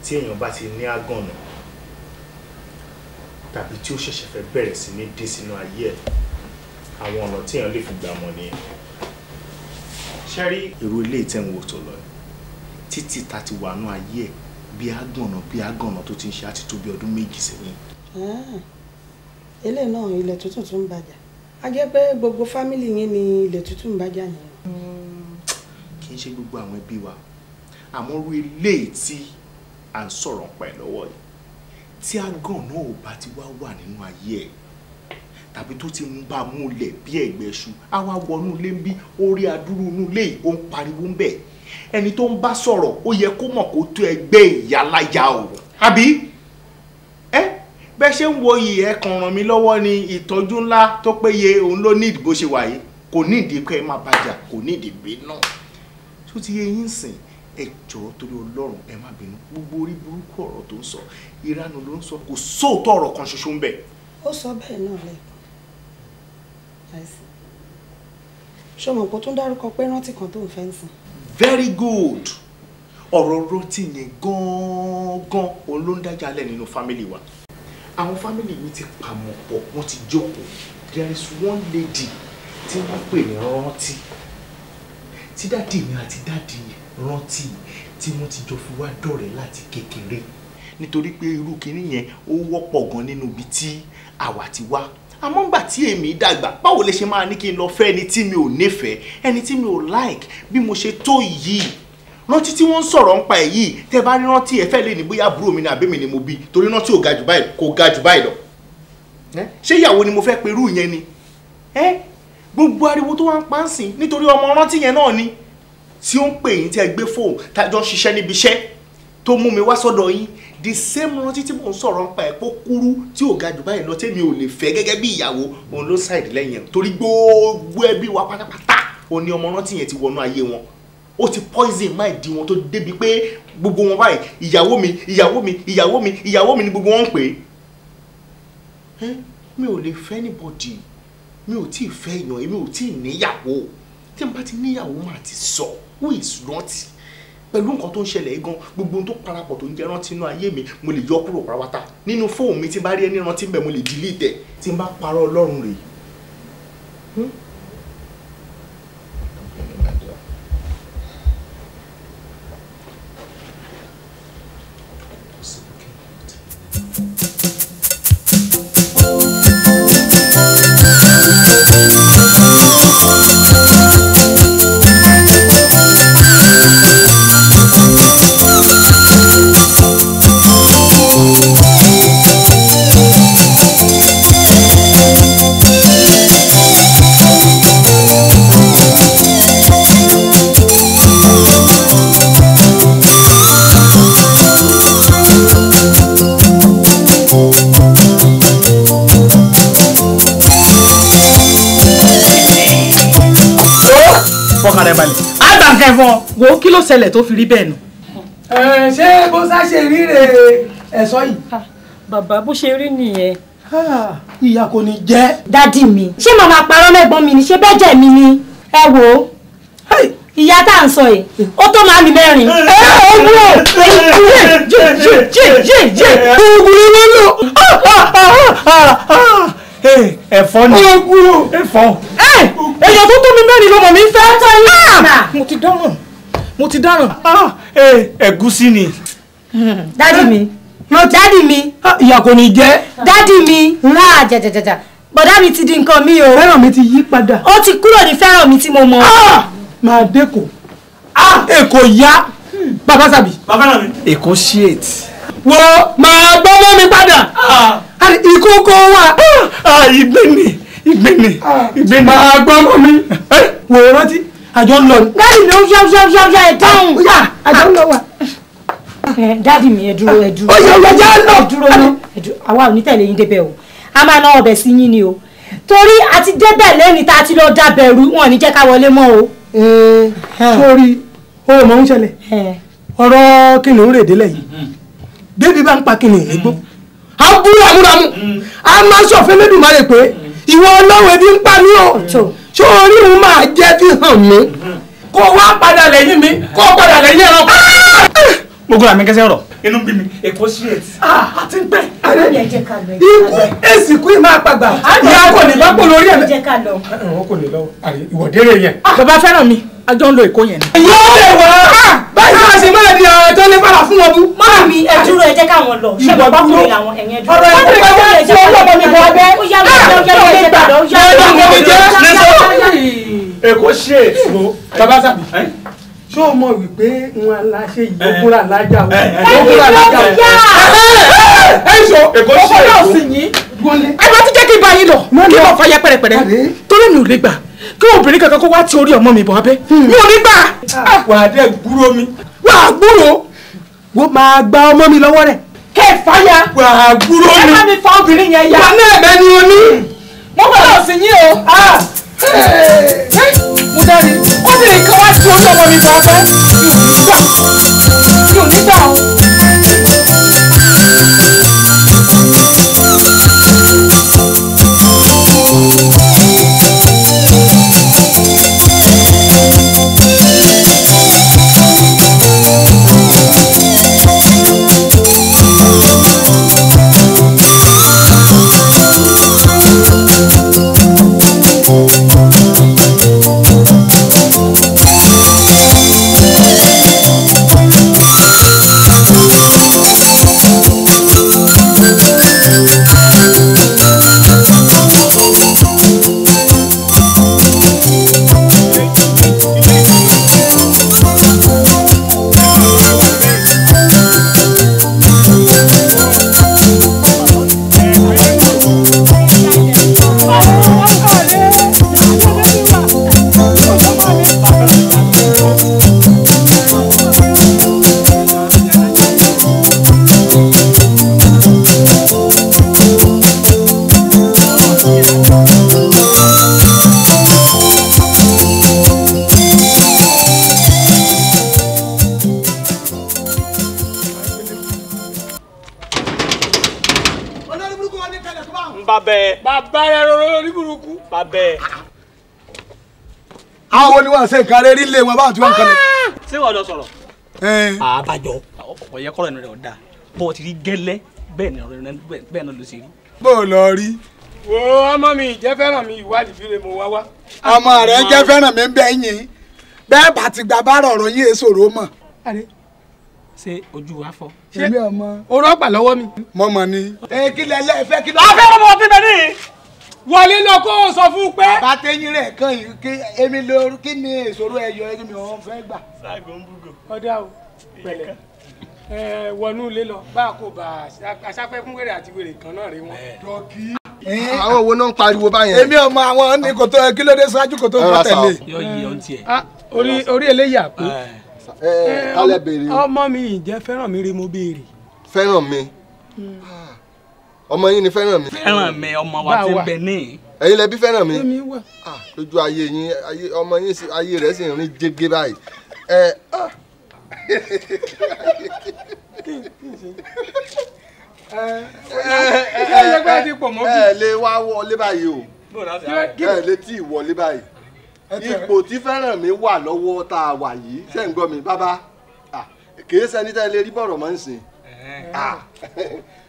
tí èèyàn bá ti ní àgànnà tàbí tí ó ṣẹ̀ṣẹ̀ fẹ́ bẹ̀rẹ̀ sí ní dé sínú ayé ẹ̀ àwọn ọ̀nà tí èèyàn lè fi gbà mọ̀ nìyẹn ṣe rí èrò ilé ìtẹ̀wò tó lọ títí ta ti wà nú ayé ẹ̀ bí àgànnà bí àgànnà tó ti ń ṣe àti tó bí ọdún méjì sẹ́yìn. Ah, eléyìí náà ilẹ̀ tútù tún ń bàjá a jẹ́ pé gbogbo fámìlì yín ni ilẹ̀ tútù ń bàjá nìyẹn kì í ṣe gbogbo àwọn ẹbí wa àmọ́ orí ilé tí à ń sọ̀rọ̀ pa ẹ̀ lọ́wọ́ yìí tí àgàn náà ò bá ti wá wà nínú ayé ẹ̀ tàbí tó ti ń bá a múlẹ̀ bí ẹ̀gbẹ́ ṣu á wá wọnú ilé ń bí orí adúrú inú ilé yìí ó ń pariwo ń bẹ̀ ẹni tó ń bá sọ̀rọ̀ ó yẹ kó mọ̀ kó tó ẹgbẹ́ ìyálàyà o àbí ẹ bẹ́ẹ̀ ṣe ń wo iyì ẹ kàn ràn mí lọ́wọ́ ni ìtọ́jú ńlá tó péye òun ló ní ìdìbò ṣe wà kò ní ìdí pé ẹ máa bàjá kò ní ìdí bínú tó ti yẹ yín sìn ẹ torí Ọlọ́run ẹ má bínú gbogbo orí burúkú ọ̀rọ̀ tó ń sọ ìránù ló ń sọ kò sóòótọ́ ọ̀rọ̀ kan ṣoṣo ń bẹ. ó sọ bẹ́ẹ̀ náà lẹ́ẹ̀kan ṣọmọ kò tún dárúkọ pé rántí kan tó ń fẹ́ ń sìn. very good ọ̀rọ̀ rántí yẹn gan-an òun ló ń dájà alẹ́ nínú fámìlì wa àwọn fámìlì mi ti pàmò pọ̀ wọ́n ti jókòó there is one lady tí wọ́n pè ní rántí tí dáàdì mi àti dáàdì rántí tí wọ́n ti jọ fi wá dọ̀rẹ́ láti kékeré nítorí pé irú kinní yẹn ó wọ́pọ̀ gan nínú ibi tí àwa ti wá àmọ́ ngbà tí èmi dàgbà báwo lè ṣe máa ní kí n lọ fẹ́ ẹni tí mi ò nífẹ̀ẹ́ ẹni tí mi ò like bí mo ṣe tó yìí rántí tí wọ́n ń sọ̀rọ̀ nípa ẹ̀ yìí tẹ́ bá rí rántí ẹ̀ lè ní bóyá àbúrò mi ni àbí ni mo bí torí rántí ò ga jù báyìí kò ga jù báyìí lọ ṣé ìyàwó ni mo fẹ́ perú yẹn ni gbogbo ariwo tó wá ń pa ń sìn nítorí ọmọ rántí yẹn náà ni tí ó ń pè yín tí ẹ gbé fóònù tájọ ń ṣiṣẹ́ níbi iṣẹ́ tó mú mi wá sọ́dọ̀ yín the same rántí tí mò ń sọ̀rọ̀ ń pa ẹ̀ pé kúrú tí ò ga jù báyìí lọ tèmi ò lè fẹ́ gẹ́gẹ́ bí ìyàwó òun ló ṣàìdí lẹ́yìn ẹ̀ torí gbogbo ẹbí wa pátápátá ò ní ọmọ rántí yẹn ti wọnú ayé wọn ó ti poison mind wọn tó débi pé gbogbo wọn báyìí ìyàwó mi ìyàwó mi ìyàwó mi ìyàwó mi ni gbogbo wọn ń pè é mi ò lè fẹ́ anybody mi ò tí ì fẹ́ èèyàn èmi ò tí ì níyàwó tí n bá ti níyàwó mà ti sọ who is rántí pẹ̀lú nǹkan tó ń ṣẹlẹ̀ yìí gan gbogbo ohun tó parapọ̀ tó ń jẹ́ rántí inú ayé mi mo lè yọ kúrò pàápàá nínú fóònù mi tí n bá rí ẹni rántí mbẹ mo lè delete ẹ̀ tí n bá parọ́ ọlọ́run rèé hmm? ṣẹlẹ̀ tó fi rí bẹ́ẹ̀ nù. ṣé bó sá ṣe rí rè ẹ̀sọ́ yìí. bàbá bó ṣe rí nìyẹn. ìyá kò ní jẹ́. dádì mi ṣé màmá parọ́ mẹ́gbọ́n mi ni ṣé bẹ́ẹ̀ jẹ́ mi ni ẹ wò ó ìyá tá à ń sọ yìí ó tó máa mi mẹ́rin. ẹ ẹ wúwo jẹ jẹ jẹ jẹ jẹ oògùn ni wọ́n lò. ẹ̀fọ́ ni ẹ̀fọ́. ẹ ẹ̀yọ̀ tó tó mi mẹ́rin lọ́mọ mi fẹ́. mo ti dánwò mo ti dáràn. Ah, ẹ̀gúsí ni. dádì mi dádì mi. Ah, ìyà kò ní jẹ́. dádì mi náà jàjàjàjà bọ̀dá mi ti di nǹkan mi o. fẹ́ràn mi ti yí padà. ó ti kúrò ní fẹ́ràn mi tí mo mọ. Ah, máa dẹ́kọ̀ èkó yá bàbá sàbí. bàbá náà mi. èkó ṣíètì. wo máa gbọ́ mọ́ mi padà. ikú kó wà. ìgbẹ́ni ìgbẹ́ni ìgbẹ́ni. máa gbọ́ mọ́ mi. Eh, wò ó rántí. I don't know. Daddy, dáàdì mi ó ń ṣọ́ ṣọ́ ṣọ́ ṣọ́ ẹ̀ tán. ọ̀yà àjọ ń lọ wa. dáàdì mi ẹ dúró ẹ dúró. ó yẹ ọjà ń lọ. ẹ dúró ná àwa ò ní tẹ̀lé yín débẹ̀ o a máa ná ọbẹ̀ sí yín ni o torí a ti débẹ̀ lẹ́ni tá a ti lọ dàbẹ̀rù wọn ò ní jẹ́ ká wọlé mọ́ o. sórí o mọ̀ ń ṣẹlẹ̀ ọ̀rọ̀ kìnìún rèé délẹ̀ yìí mm-hmm. débi bá ń pa kìnìún nígbó à ń bú ramúramú mm-hmm. a máa mm-hmm. ń sọ fẹ́lẹ́dùmarè ṣé orí òun máa jẹ́ fi hàn mí kó wá padà lẹ́yìn mi kó padà lẹ́yìn ẹ̀rọ. gbogbo àmì kẹsẹ̀ rọ̀. inú bí mi èkó sí ètì. àti ń pẹ́. ikú èsì kú máa pàgbà. ìyá kò ní bá pò lórí ẹ̀. ìwọ̀dẹ́rẹ̀ yẹn. bàbá fẹ́ràn mi a jọ ń lo èkó yẹn ni. ìyá ò lè wá sì máa di ààrẹ tó ní padà fún ọdú. má mi ẹ dúró ẹ jẹ́ káwọn lọ ṣé bàbá kúrò làwọn ẹ̀yìn ẹ dúró. ọ̀rọ̀ ìwé ìwé ìwé tí ọlọ́mọ mi bọ̀ bẹ́. ó yá mi lọ yá mi lè gbàdọ̀ yá mi lọ yá mi lè gbàdọ̀. èkó ṣe èso bàbá sàbí ṣé o mọ̀ wípé wọn aláṣẹ yìí ogúnra alájà o ogúnra alájà o. ẹ ṣo èkó ṣe èso. ẹ bá ti jẹ́ kí n bá yín lọ kí n bá fa ya pẹ̀rẹ̀pẹ̀rẹ̀ torí mi ò lè gbà kí obìnrin kankan kó wá ti orí ọmọ mi bọ̀ abẹ́ mi ò ní gbà. wà á dẹ́ gbúrò mi wà á gbúrò wọ́n máa gba ọmọ mi lọ́wọ́ rẹ̀. kẹ́ ẹ̀ fáyà wà á gbúrò ni ẹ bá mi fa obìnrin yẹn ya. wà á náà bẹ́ẹ̀ ni o ní. mo gbọ́dọ̀ sí yín o. Ah. mo dárí obìnrin kan wá sí orí ọmọ mi pàápàá mi ò ní gbà o. máa ṣe nǹkan rere ilé wọn báwọn tí wọ́n ń kalẹ̀. Ah! ṣé wàá lọ sọ̀rọ̀. àbájọ ọ̀yẹ́ kọ́rọ̀ ẹnu rẹ̀ ọ̀dà bó o ti rí gẹ́lẹ́ bẹ́ẹ̀ ni ọ̀rọ̀ rẹ̀ náà ló ṣe rí. bó o lọ rí. wo ọmọ mi ìjẹ́ mi ìwádìí fi lè mo wá wá. ọmọ rẹ jẹ́ mi ń yín bẹ́ẹ̀ bá ti gbà bá rọ̀rọ̀ yín èso rò mọ̀. ṣé ojú wa fọ. ṣé orọ́ gbà lọ́wọ́ mi. mọ́mọ́ ni. ẹ kí lẹ lẹ́ fẹ́ kí lọ́ wọlé lọ kó o sọ fún pé. bàtà eyín rẹ̀ kan yìí kí èmi lóru kí ni ìṣòro ẹ̀yọ ẹ̀yọ mi òun fẹ́ gbà. ṣáàgùn búgò. ọ̀dà o pẹ̀lẹ́ ẹ wọnú ilé lọ bá a kò bá aṣáfẹ́ fún wèrè àti wèrè kan náà rí wọn. dọ́kì. àwọn owó náà ń pariwo báyẹn. èmi ọmọ àwọn ní kò tó kí ló dé ṣáájú kò tó kó tẹ̀lé. Ah, orí orí eléyà ọmọ mi ìjẹ́ fẹ́ràn mi rí mo béèrè. fẹ́ràn mi. Hmm ọmọ yín ni fẹ́ràn mi. fẹ́ràn mi ọmọ wa ti bẹ ní. ẹ̀yin lẹbi fẹ́ràn mi lójú ayé yín ọmọ yín ayé rẹ̀ sì rìn jẹ́gẹ́ báyìí. ẹ ẹ lè wá wọlé báyìí o ẹ lè tí ì wọlé báyìí ipò tí fẹ́ràn mi wà lọ́wọ́ tá a wà yìí ṣẹ́ ń gbọ́ mi bàbá kì í ṣẹni tẹ́ rí bọ̀rọ̀ mọ́ ń sìn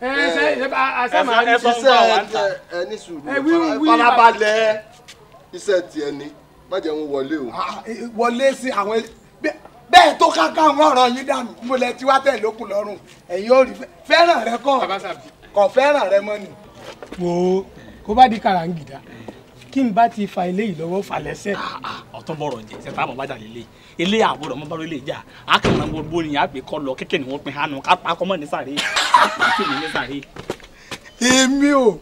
iṣẹ́ ẹ ní sùúrù farabalẹ̀ iṣẹ́ tiẹ̀ ni má jẹ́ ń wọlé o. Ah, eh, wọlé sí àwọn bẹ́ẹ̀ tó káká àwọn ọ̀rọ̀ yín dànù mo lẹ ti wá tẹ̀ lókun lọ́rùn ẹ̀yin ò rí fẹ́ràn rẹ kọ́ kọ́ fẹ́ràn rẹ mọ́ ni. wo kó bá di kàràǹgìdá kí n bá ti fa eléyìí lọ́wọ́ fà lẹ́sẹ̀. Ah, ah, ọ̀tún bọ̀rọ̀ jẹ ṣẹta àmọ́ bá jàlè lé ilé àbúrò ọmọ bárò lè jà á kàn án gbogbo ni àpè kọ́ lọ kékeré ni wọ́n pin hànú ká pa akọ́mọ́ ní sàré ká pè ní sàré. èmi ò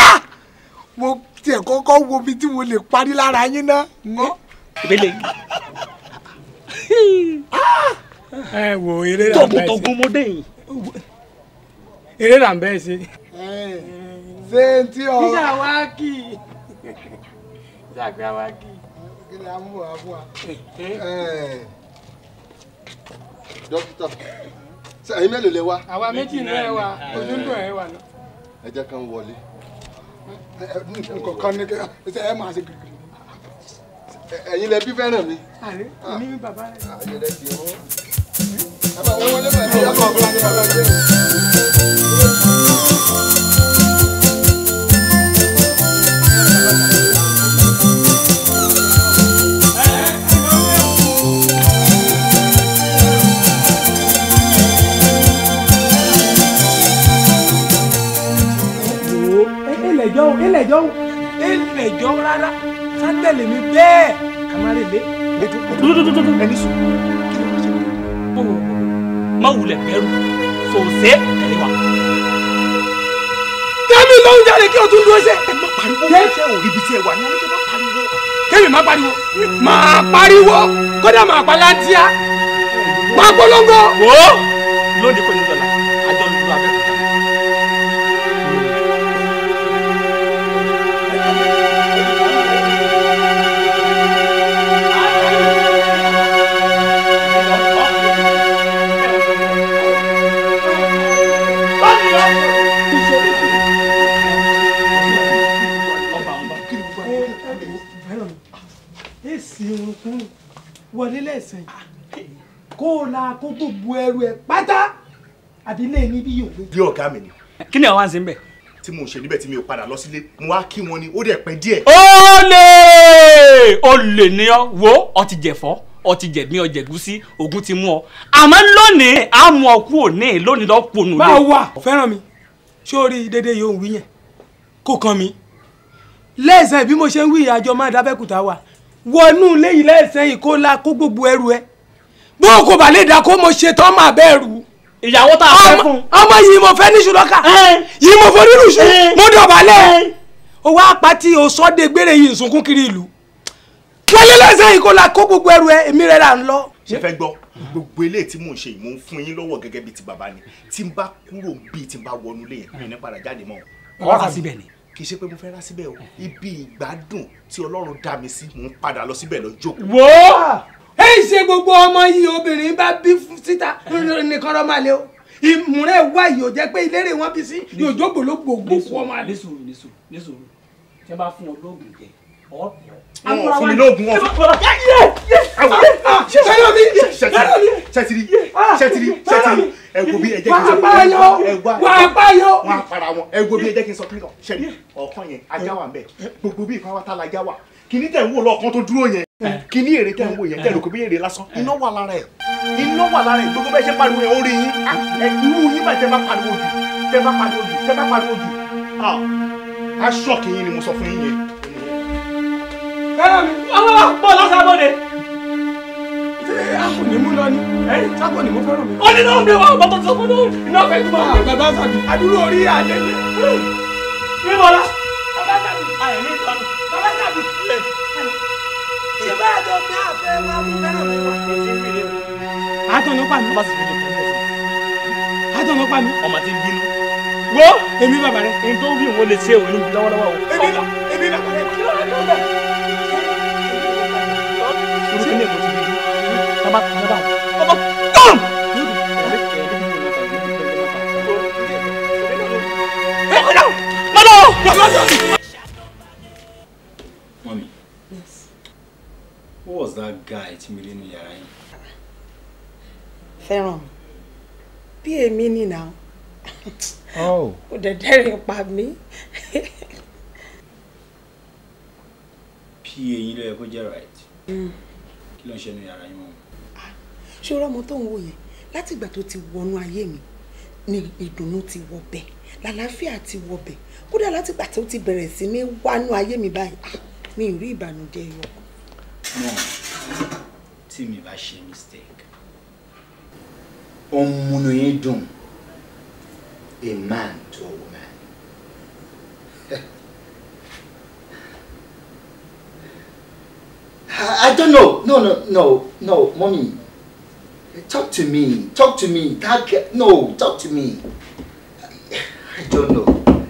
ah! mo tiẹ̀ kọ́kọ́ wo ibi tí mo lè parí lára yín ná. ìbílẹ̀ yìí. ẹ wo eré rà bẹ́ẹ̀ sí. tọkùntọkùn mo dé yìí. eré rà bẹ́ẹ̀ sí. ṣé tí ọ. nígbà dàgbé àwa dì. kí ni a mú wa fún wa. Eh, eh. Eh, dókítà ẹ̀yin mélòó lẹ wá. àwa méjì ní ẹ wa ojúndùn ẹ wà náà. ẹ jẹ́ kán wọlé. nǹkan kan ní kí ẹ máa ṣe gírígírí. ẹ̀yin lẹ fẹ́ràn mi. àrí ah. èmi bàbá rẹ. àyè rẹ ti wọ́n. ẹ bá wọlé bàbá rẹ. jọ rárá ká tẹ̀lé mi bẹ́ẹ̀ ká má rè lé. ẹni sùn kí ló ń ṣe. má wulẹ̀ bẹ̀rù sòsé tẹ̀lé wa. kẹ́mi ló ń jáde kí o tún dúró ṣe. ẹ má pariwo kẹ́ ò ríbi tí ẹ wà ní alẹ́ má pariwo. kẹ́mi má pariwo máa pariwo kódà máa pa láńtíá máa polongo. wo lónìí kò ní. ẹ̀sìn kó o la kó gbogbo ẹrù ẹ pátá àbí lè ní bí yóò bí ọ̀gá mi ni. kí ni àwọn àǹsí ń bẹ̀. tí mo ṣe níbẹ̀ tí mi ò padà lọ sílé mo wá kí wọn ni ó dẹ̀ pẹ́ díẹ̀. olè olè ni ọ wo ọtí jẹ̀fọ́ ọtí jẹ̀gbín ọjẹ̀gúsí ogun ti mú ọ àmọ́ lónìí á mú ọ kú òní lónìí lọ́ọ́ pònú lé. máa wà fẹ́ràn mi sórí dédé yóò yẹn kó kan mi lẹ́sẹ̀ bí mo ṣe ń wí ìyàjọ má dábẹ́kùtà wà wọnú ilé yìí lẹ́sẹ̀ yìí kó la kó gbogbo ẹrù ẹ bó o kò bá lè dà kó mo ṣe tán máa bẹ́ẹ̀ rù. ìyàwó tá a fẹ́ fún. ọmọ yìí mo fẹ́ níṣu lọ́kà yìí mo fọ́ nínú iṣu mo dọ̀bálẹ̀ o wá pàtí o sọ́dẹ̀ gbére yìí sunkún kiri ìlú wọlé lẹ́sẹ̀ yìí kó la kó gbogbo ẹrù ẹ èmi rẹ̀ là ń lọ. ṣe fẹ́ gbọ́ gbogbo eléyìí tí mò ń ṣe yìí mò ń fún yín lọ́wọ́ gẹ́gẹ́ bíi ti bàbá ni tí n bá kúrò bíi tí n bá wọnú lé yẹn mi ní padà kì í ṣe pé mo fẹ́ rá síbẹ̀ o ibi ìgbádùn tí ọlọ́run dá mi sí mò ń padà lọ síbẹ̀ lọ jókòó. wo ẹ ṣe gbogbo ọmọ yìí obìnrin bá bí síta nìkan ló máa lé o ìmúrẹ́ wá yìí ò jẹ́ pé ìlérè wọn bí sí yòójó gbòlógbò gbòkú ọmọ àlè. nísòrò nísòrò nísòrò tí wọ́n bá fún ọ lóògùn jẹ fún mi lóògùn wọn. sẹyọmi sẹtiri sẹtiri sẹtiri sẹtiri ẹgbò bí ẹ jẹ́ kí n sọ pé ẹgbà wà á báyọ wọn á para wọn ẹgbò bí ẹ jẹ́ kí n sọ pé ṣẹlẹ̀ ọkàn yẹn ajá wà ń bẹ gbogbo bí ìfọwọ́ tá la já wà kíní tẹ̀ ń wò lọ́ọ̀kan tó dúró yẹn kíní èrè tẹ̀ ń wò yẹn tẹ̀ lóko bí èrè lásán iná wà lára ẹ̀ iná wà lára ẹ̀ gbogbo bẹ́ẹ̀ ṣe pariwo yẹn ó rí yín irú yín bá tẹ́ bá pariwo jù tẹ́ bá pariwo jù tẹ́ bá pariwo jù aṣọ kìíní ni mo sọ fún yín yẹn kẹ́rọ mi ọmọ wa bọ̀ lọ́sàbọ̀dé. ṣé akọ̀nìmú lọ ni ẹ̀yìn sákọ̀nìmú fẹ́ràn mi. ó ní náà mi wà bàtà sọ fún un iná fẹ́ tó máa ah, bàbá sàbí adúrú orí àdé mi. mi bọ̀ la bàbá sàbí ayẹ̀ mi tọ́nu bàbá sàbí. ṣé bá a tó gbé àfẹ́ wa mú fẹ́ràn mi wá. àtọ̀nù pa mi. bàbá sì fi lè fẹ́ àtọ̀nù pa mi. ọmọ ti ń bínú. wo èmi bàbá rẹ. èyí tó ń bí òun lè ṣe òun lọ́wọ́lọ́wọ́ o. èmi Mommy. Yes. Who was that guy tí mi rí nínú yàrá yín? Fẹ́ràn. now. Oh. Ó dẹ̀dẹ̀rìn pa about me? eyín ló yẹ kó jẹ́ right. Mm. Kí ló ń ṣe nínú yàrá yín mọ́? Ah, ṣé ọmọ tó ń wò yẹn? Láti ìgbà ni ìdùnnú ti làlàáfíà ti wọbẹ̀ kódà láti gbà ti bẹ̀rẹ̀ sí ní wánú ayé mi báyìí ah, mi ì rí ìbànújẹ́ yọ. mọ tí mi bá ṣe mistake ọmọnú yẹn dùn a man to a woman. (laughs) I, don't know. No, no, no, no, mommy. Talk to me. Talk to me. Talk, no, talk to me. I don't know.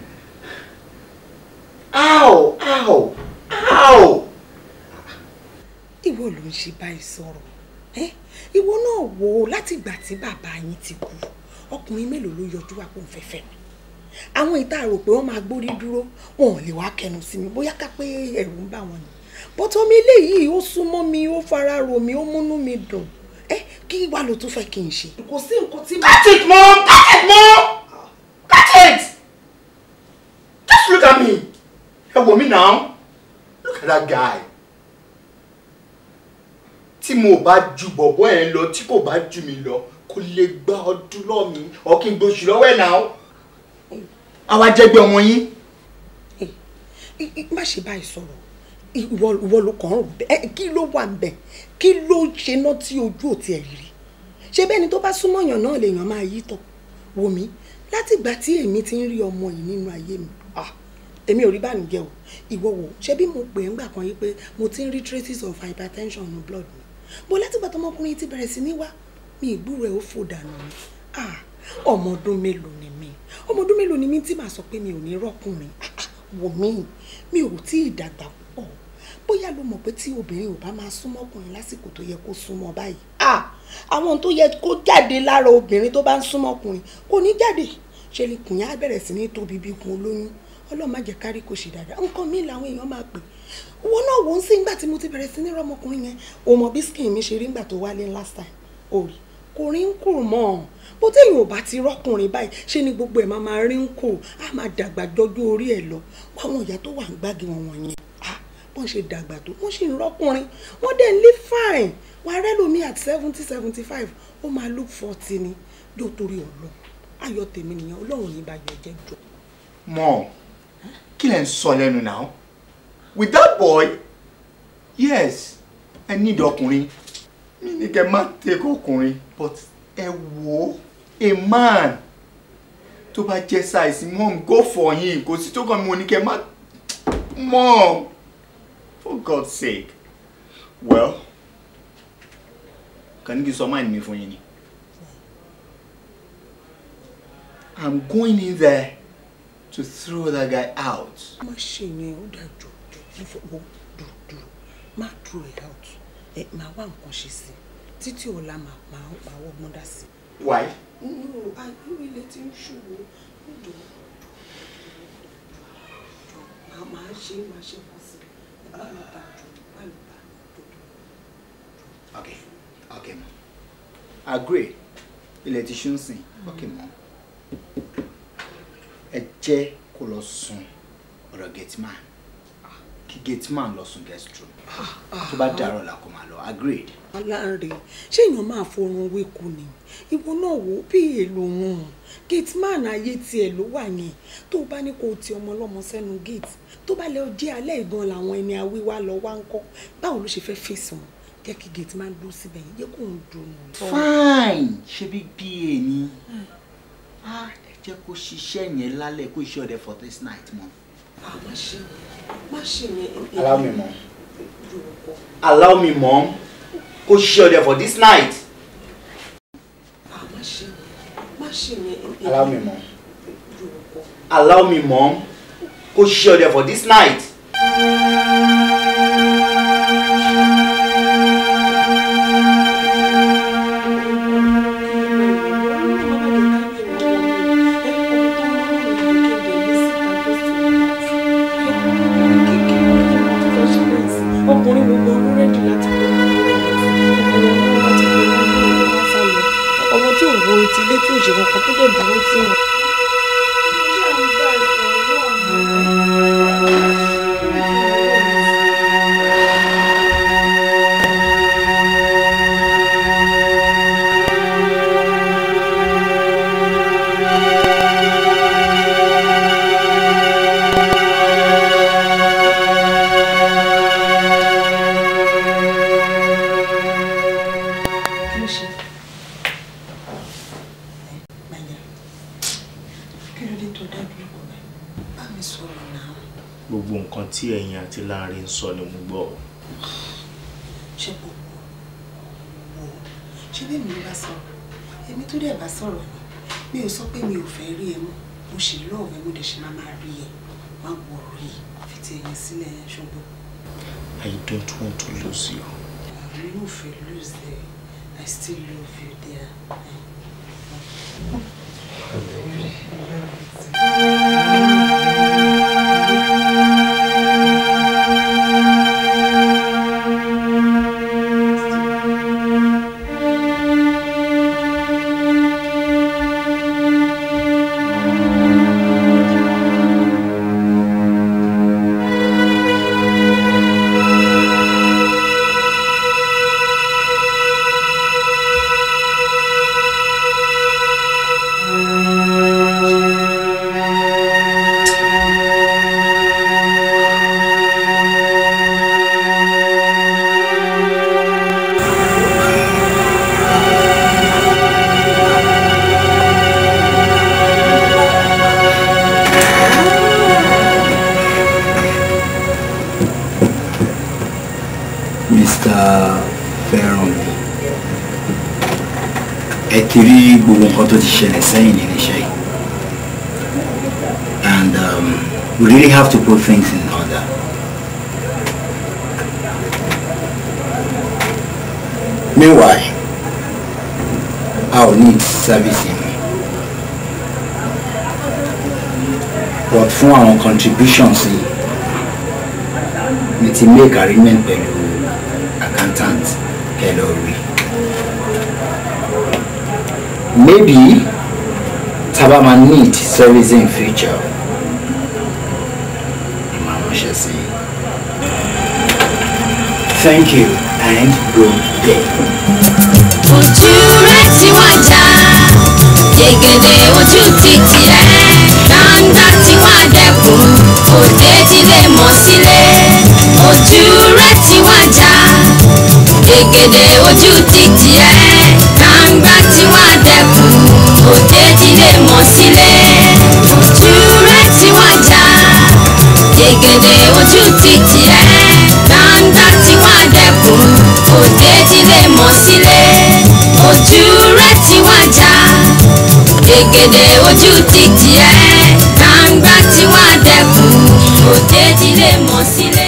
Ow! Ow! Ow! Ìwọ ló ń ṣe báyìí eh? Ìwọ náà wò ó láti ìgbà tí bàbá yín ti kú. Ọkùnrin mélòó ló yọjú wá pé òun fẹ́ fẹ́ mi? Àwọn ìta rò pé wọ́n máa gbórí dúró, wọn ò lè mi bóyá ká pé ẹ̀rù ń bà ni. Bọ́tọ́ mi eléyìí ó súnmọ́ mi, ó fara ro mí, ó múnú mi dùn. Kí wàá lo tún fẹ́ kí n ṣe? Kò sí nǹkan tí Cut it mọ́! Cut it mọ́! Cut it! Just look at me. Ẹ wò me now. Look at that guy. Tí badju bá ju bọ̀bọ́ ẹ̀ badju tí kò bá ju mi lọ kò lè gba ọdún lọ́ mi ọ̀ kí n gbóṣù lọ́wọ́ ẹ̀ now. Àwa jẹgbẹ́ ọmọ yín. Má ṣe báyìí sọ̀rọ̀ ìwọ ló kàn án kí ló wà ń bẹ̀ kí ló ṣe náà tí ojú ò tiẹ̀ rí ṣé bẹ́ẹ̀ ni tó bá súnmọ́ èèyàn látìgbà tí èmi ti ń rí ọmọ yìí nínú ayé mi èmi ò rí bànújẹ́ o ìwọ wo ṣé bí mo pè é ńgbà kan yìí pé mo ti ń rí traces of hypertension in blood mi bó látìgbà tọmọkùnrin ti bẹ̀rẹ̀ sí ní wá mi ìgbúrò ẹ̀ ó fò dànù mi ọmọ ọdún mélòó ni mi ọmọ ọdún mélòó ni mi tí màá sọ pé mi ò ní rọ́kùnrin wò mí mi ò tí ì dàgbà bóyá ló mọ̀ pé tí obìnrin ò bá máa súnmọ́ ọkùnrin lásìkò tó yẹ kó súnmọ́ báyìí ah àwọn tó yẹ kó jáde lára obìnrin tó bá ń súnmọ́ ọkùnrin kò ní jáde ṣe lè kùn yá bẹ̀rẹ̀ sí ní tóbi bí kun olóyún ọlọ́run má jẹ́ kárí kò ṣe dáadáa nǹkan míì làwọn èèyàn máa pè owó náà wò ó sí nígbà tí mo ti bẹ̀rẹ̀ sí ní rọmọkùnrin yẹn o mọ bí skin mi ṣe rí nígbà tó wálé last time o rí kò rí ń kù mọ́ ọ bó téèyàn ò bá ti rọ́kùnrin báyìí ṣe ni gbogbo ẹ̀ máa máa rí ń kù á máa dàgbà jọjú orí ẹ̀ lọ wọ́n àwọn ìyá tó wà ń gbági wọn wọ̀nyẹn bọ́n ṣe dàgbà tó wọ́n ṣì ń rọ́kùnrin wọ́n dẹ̀ ń lé fine wà á rẹ́lòmí at seventy seventy five ó máa look forty ni yóò torí ọ̀lọ́ ayọ̀ tèmi nìyẹn ọlọ́run ní ìbàyọ̀ jẹ́ jọ. mọ kí lẹ ń sọ lẹ́nu náà with that boy yes ẹ nídìí ọkùnrin mi ní kẹ má take ọkùnrin but ẹ wò a man tó bá jẹ size mom go for him kò sí tó kàn mí mo ní kẹ má mom for God's sake well can you kí n sọ mind mi fún yín I'm going in there to throw that guy out. Ma ṣe yẹn ó dà jù throw it out ẹ máa wá nǹkan ṣe sí ma ọ̀la máa máa wọ́ ọgbọ́n why. no àìní ilé tí ń ṣòro ó dùn ún máa ok ok mọ agree ilẹ̀ ti ṣú ń sìn ok mọ ẹ jẹ́ kó lọ sùn ọ̀rọ̀ gateman ah, kí gateman lọ sùn guest room tó bá dàrọ̀ là kó máa lọ agreed. aláǹrẹ̀ ṣé èèyàn máa forun wíkú ni ìwọ náà wò ó bí èlò wọn gateman ayé tiẹ̀ ló wà yẹn tó o bá ní kó o ti ọmọ ọlọ́mọ sẹ́nu gate tó bá lè jẹ́ alẹ́ ìbọn làwọn ẹni awíwá lọ wá ń kọ́ báwo ló ṣe fẹ́ fèsì wọn jẹ́ máa ń dúró síbẹ̀ yẹn kó ń dùn. fine ṣe bí bí èmi á jẹ́ kó ṣiṣẹ́ yẹn lálẹ́ kó iṣẹ́ ọdẹ for this night mọ́. Ah, má ṣe má ṣe yẹn. allow me mom allow me mom kó ṣiṣẹ́ ọdẹ for this night. Ah, má ṣe yẹn allow me mom allow me mom. Go ṣiṣẹ́ there for this night. tí ò sílẹ̀ ṣùgbọ́n. I don't want to lose you. mi ò fẹ́ lose you I still love you there. tó ti ṣẹlẹ̀ sẹ́yìn nínú and um, we really have to put things in order. meanwhile our need servicing but for our contributions yìí we ti make arrangement pẹ̀lú accountant kẹlẹ́ orí maybe taba ma need service in future mama ṣe sí thank you and good day. ojú rẹ ti wájà jẹgẹdẹ ojú ti tirẹ gbangba tí wàá dẹkùn òde ti lè mọ ojú rẹ ti wájà ègèdè ojú ti tiẹ̀ kàńgbà tí wà dẹ̀kun òde ti lè mọ̀ sílé túrẹ́ tí wà já ègèdè ojú ti tiẹ̀ kàńgbà tí wà dẹ̀kun òde ti lè mọ̀ sílé tí wà já ègèdè ojú ti tiẹ̀ kàńgbà tí wà dẹ̀kun òde ti lè mọ̀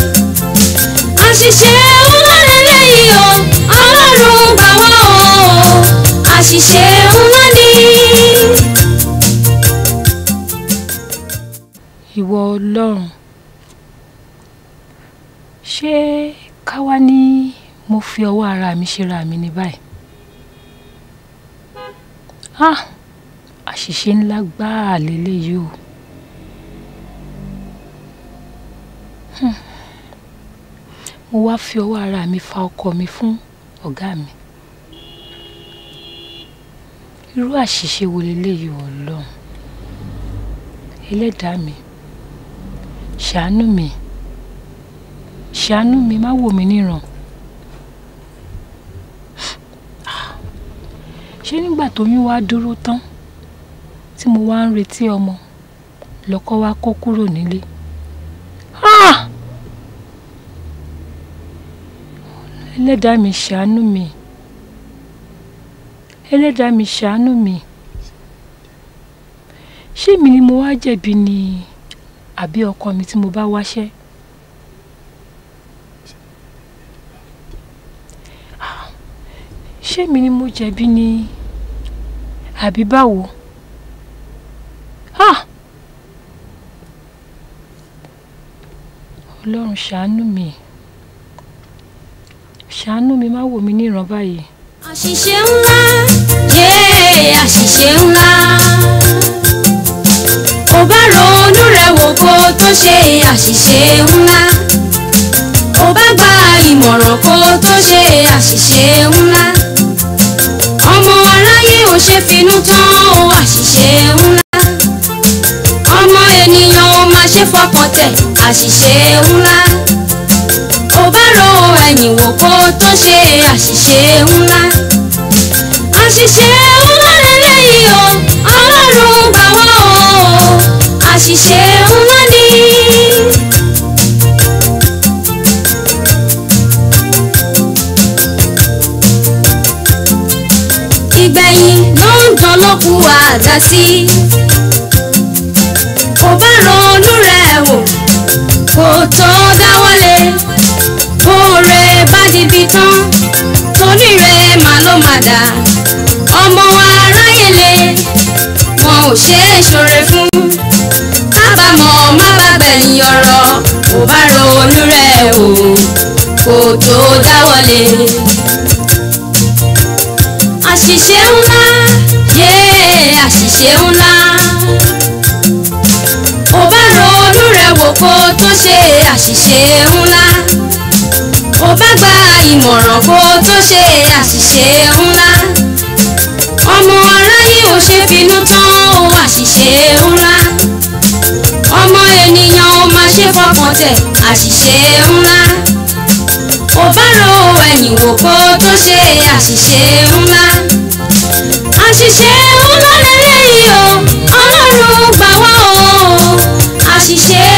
àṣìṣe ńlá lélẹ́yìí o ọlọ́run bá wá o àṣìṣe ńlá ni. ìwọ ọlọ́run ṣé ká wá mo fi ọwọ́ ara mi ṣera mi ní báyìí ah àṣìṣe ńlá gbáà lélẹ́yìí o. mo wá fi ọwọ́ ara mi fa ọkọ mi fún ọ̀gá mi irú àṣìṣe wo leléyìí ọlọ́run ẹlẹ́dàá mi ṣàánú mi ṣàánú mi má wò mí níran ṣé nígbà tóyún wá dúró tán tí mo wá ń retí ọmọ lọ́kọ wá kó kúrò nílé ah! ẹlẹ́dàá mi ṣàánú mi ẹlẹ́dàá mi ṣàánú mi ṣé mi ni mo wá jẹ̀bi ni àbí ọkọ mi tí mo bá wáṣẹ́ ṣé mi ni mo jẹ̀bi ni àbí báwo ah! ọlọ́run ṣàánú mi. Ah! ṣàánú mi má wò mí níran báyìí. àṣìṣe ńlá yé àṣìṣe ńlá kò bá ronú rẹ̀ wò kó tó ṣe àṣìṣe ńlá kò bá gba ìmọ̀ràn kó tó ṣe àṣìṣe ńlá. àṣìṣe ńlá àṣìṣe ńlá lélẹ́yìí o ọlọ́run gbà wá o àṣìṣe ńlá ni. ìgbẹ̀yìn ló ń dánlọ́kù àdá sí kò bá ronú rẹ̀ wò kò tó dáwọ́lé ti fi tán torí rẹ̀ mà ló mà dà ọmọ wa aráyè le wọn ò ṣe é ṣoore fún kábàámọ̀ má bá gbẹ̀yìn ọ̀rọ̀ kò bá ronú rẹ̀ o kò tó dáwọ́lé àṣìṣe ńlá yéé àṣìṣe ńlá ò bá ronú rẹ̀ wò kó tó ṣe àṣìṣe ńlá kò bá gba ìmọ̀ràn kó tó ṣe àṣìṣe ńlá ọmọ aráyé ò ṣe finú tán ó àṣìṣe ńlá ọmọ ènìyàn ó máa ṣe fọkàn tẹ̀ àṣìṣe ńlá kò bá ro ẹ̀yìn wò kó tó ṣe àṣìṣe ńlá àṣìṣe ńlá lélẹ́yìí o ọlọ́run gbà wá o àṣìṣe